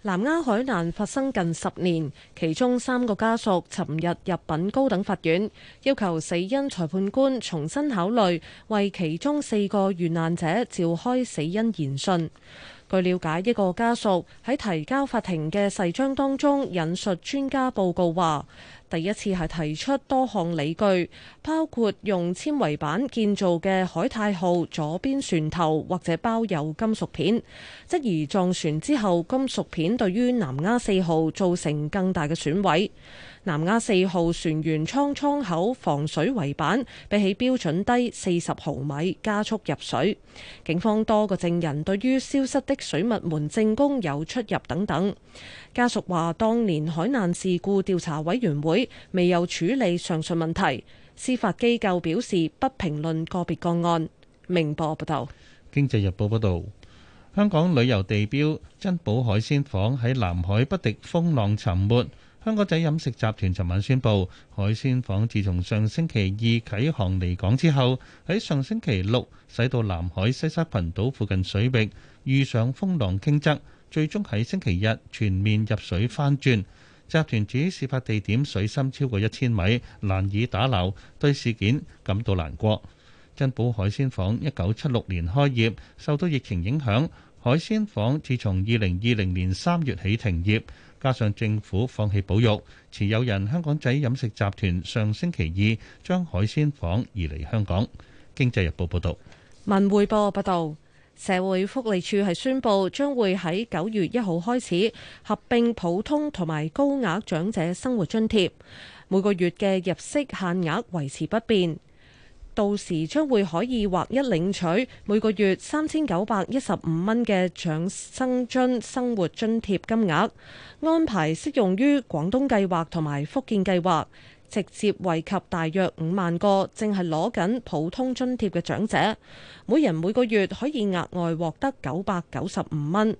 南丫海難發生近十年，其中三個家屬尋日入稟高等法院，要求死因裁判官重新考慮，為其中四個遇難者召開死因研訊。據了解，一個家屬喺提交法庭嘅誓章當中引述專家報告話。第一次係提出多項理據，包括用纖維板建造嘅海泰號左邊船頭或者包有金屬片，質疑撞船之後，金屬片對於南丫四號造成更大嘅損毀。南丫四號船員艙艙口防水圍板比起標準低四十毫米，加速入水。警方多個證人對於消失的水密門證供有出入等等。家屬話：當年海難事故調查委員會未有處理上述問題。司法機構表示不評論個別個案。明報報道。《經濟日報》報道，香港旅遊地標珍寶海鮮舫喺南海不敵風浪沉沒。香港仔飲食集團尋晚宣布，海鮮舫自從上星期二啟航離港之後，喺上星期六駛到南海西沙羣島附近水域，遇上風浪傾側，最終喺星期日全面入水翻轉。集團指事發地點水深超過一千米，難以打撈，對事件感到難過。珍寶海鮮舫一九七六年開業，受到疫情影響，海鮮舫自從二零二零年三月起停業。加上政府放棄保育，持有人香港仔飲食集團上星期二將海鮮舫移離香港。經濟日報報道，文匯報報道，社會福利署係宣布將會喺九月一號開始合併普通同埋高額長者生活津貼，每個月嘅入息限額維持不變。到時將會可以劃一領取每個月三千九百一十五蚊嘅長生津生活津貼金額，安排適用於廣東計劃同埋福建計劃，直接惠及大約五萬個正係攞緊普通津貼嘅長者，每人每個月可以額外獲得九百九十五蚊。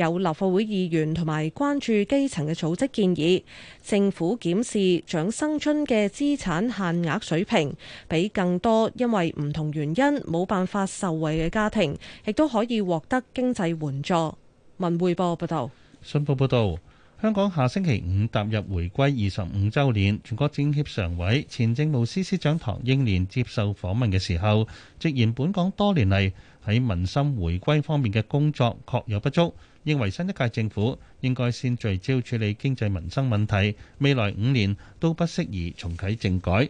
有立法會議員同埋關注基層嘅組織建議，政府檢視長生津嘅資產限額水平，俾更多因為唔同原因冇辦法受惠嘅家庭，亦都可以獲得經濟援助。文匯報報道，信報報道，香港下星期五踏入回歸二十五週年，全國政協常委、前政務司司長唐英年接受訪問嘅時候，直言本港多年嚟喺民心回歸方面嘅工作確有不足。認為新一屆政府應該先聚焦處理經濟民生問題，未來五年都不適宜重啟政改。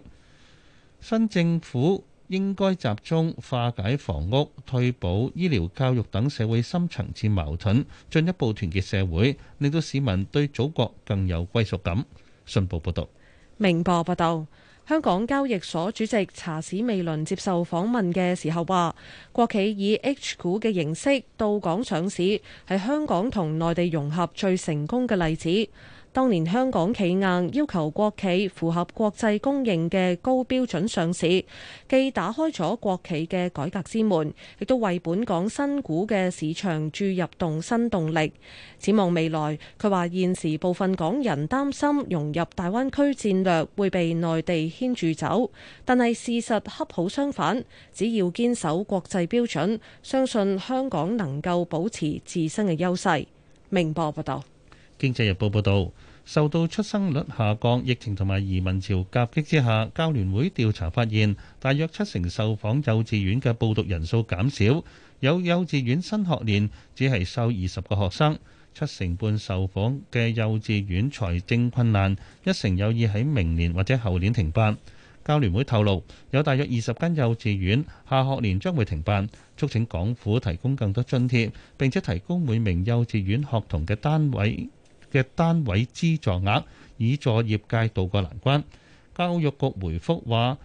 新政府應該集中化解房屋、退保、醫療、教育等社會深層次矛盾，進一步團結社會，令到市民對祖國更有歸屬感。信報報道，明報報道。香港交易所主席查史美倫接受訪問嘅時候話，國企以 H 股，嘅形式到港上市，係香港同內地融合最成功嘅例子。當年香港企硬要求國企符合國際公認嘅高標準上市，既打開咗國企嘅改革之門，亦都為本港新股嘅市場注入動新動力。展望未來，佢話現時部分港人擔心融入大灣區戰略會被內地牽住走，但係事實恰好相反，只要堅守國際標準，相信香港能夠保持自身嘅優勢。明報報道。經濟日報報導，受到出生率下降、疫情同埋移民潮夾擊之下，教聯會調查發現，大約七成受訪幼稚園嘅報讀人數減少，有幼稚園新學年只係收二十個學生，七成半受訪嘅幼稚園財政困難，一成有意喺明年或者後年停辦。教聯會透露，有大約二十間幼稚園下學年將會停辦，促請港府提供更多津貼，並且提供每名幼稚園學童嘅單位嘅單位資助額，以助業界渡過難關。教育局回覆話，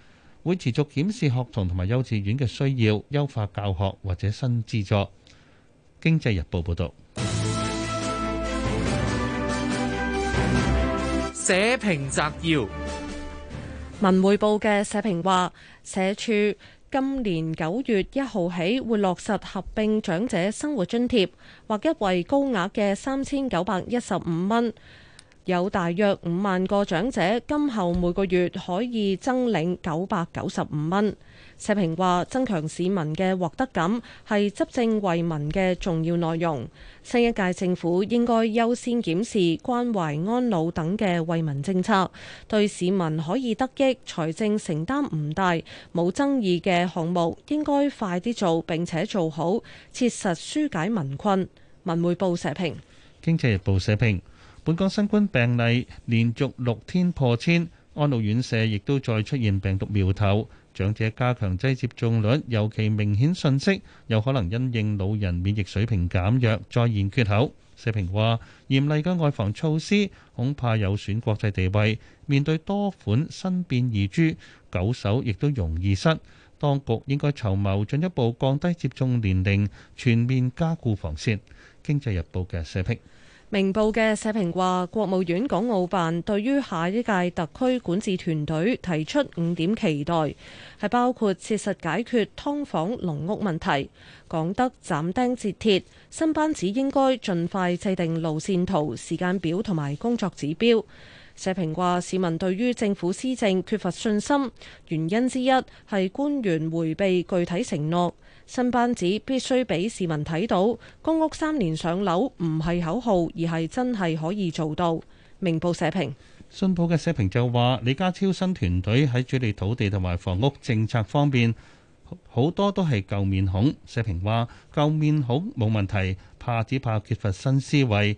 會持續檢視學童同埋幼稚園嘅需要，優化教學或者新資助。經濟日報報導。社評摘要：文匯報嘅社評話，社署。今年九月一號起，會落實合併長者生活津貼，或一為高額嘅三千九百一十五蚊，有大約五萬個長者，今後每個月可以增領九百九十五蚊。社評話：增強市民嘅獲得感係執政為民嘅重要內容。新一屆政府應該優先檢視關懷安老等嘅惠民政策，對市民可以得益、財政承擔唔大、冇爭議嘅項目，應該快啲做並且做好，切實紓解民困。文匯報社評，經濟日報社評，本港新冠病例連續六天破千。安老院舍亦都再出現病毒苗頭，長者加強劑接種率尤其明顯遜色，有可能因應老人免疫水平減弱再現缺口。社評話：嚴厲嘅外防措施恐怕有損國際地位，面對多款新變異株，狗手亦都容易失。當局應該籌謀進一步降低接種年齡，全面加固防線。經濟日報嘅社評。明報嘅社評話，國務院港澳辦對於下一屆特區管治團隊提出五點期待，係包括切實解決劏房、籠屋問題，講得斬釘截鐵。新班子應該盡快制定路線圖、時間表同埋工作指標。社評話，市民對於政府施政缺乏信心，原因之一係官員迴避具體承諾。新班子必須俾市民睇到公屋三年上樓唔係口號，而係真係可以做到。明報社評。信報嘅社評就話李家超新團隊喺處理土地同埋房屋政策方面，好多都係舊面孔。社評話舊面孔冇問題，怕只怕缺乏新思維。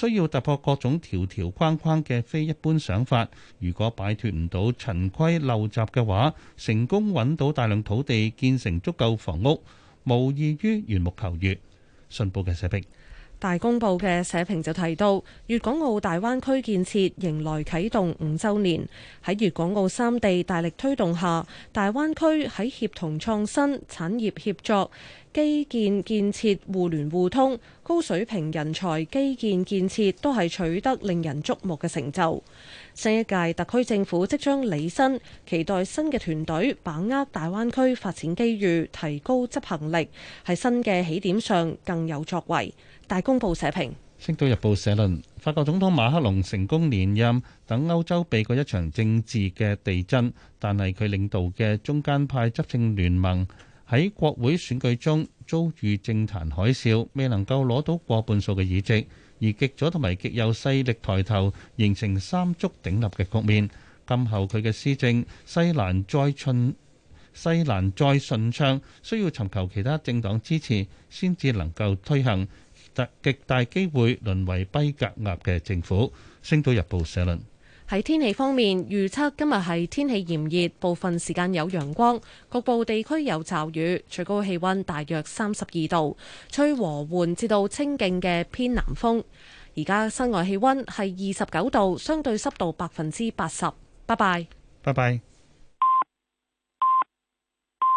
需要突破各種條條框框嘅非一般想法。如果擺脱唔到陳規陋習嘅話，成功揾到大量土地建成足夠房屋，無異於緣木求魚。信報嘅社評。大公報嘅社評就提到，粵港澳大灣區建設迎來啟動五週年。喺粵港澳三地大力推動下，大灣區喺協同創新、產業協作。基建建設互聯互通、高水平人才基建建設都係取得令人矚目嘅成就。新一屆特區政府即將履新，期待新嘅團隊把握大灣區發展機遇，提高執行力，喺新嘅起點上更有作為。大公報社評，《星島日報》社論：法國總統馬克龍成功連任，等歐洲避過一場政治嘅地震，但係佢領導嘅中間派執政聯盟。喺國會選舉中遭遇政壇海嘯，未能夠攞到過半數嘅議席，而極左同埋極右勢力抬頭，形成三足鼎立嘅局面。今後佢嘅施政，西蘭再順西蘭再順暢，需要尋求其他政黨支持先至能夠推行，特極大機會淪為跛腳鴨嘅政府。星島日報社論。喺天氣方面，預測今日係天氣炎熱，部分時間有陽光，局部地區有驟雨，最高氣温大約三十二度，吹和緩至到清勁嘅偏南風。而家室外氣温係二十九度，相對濕度百分之八十。拜拜。拜拜。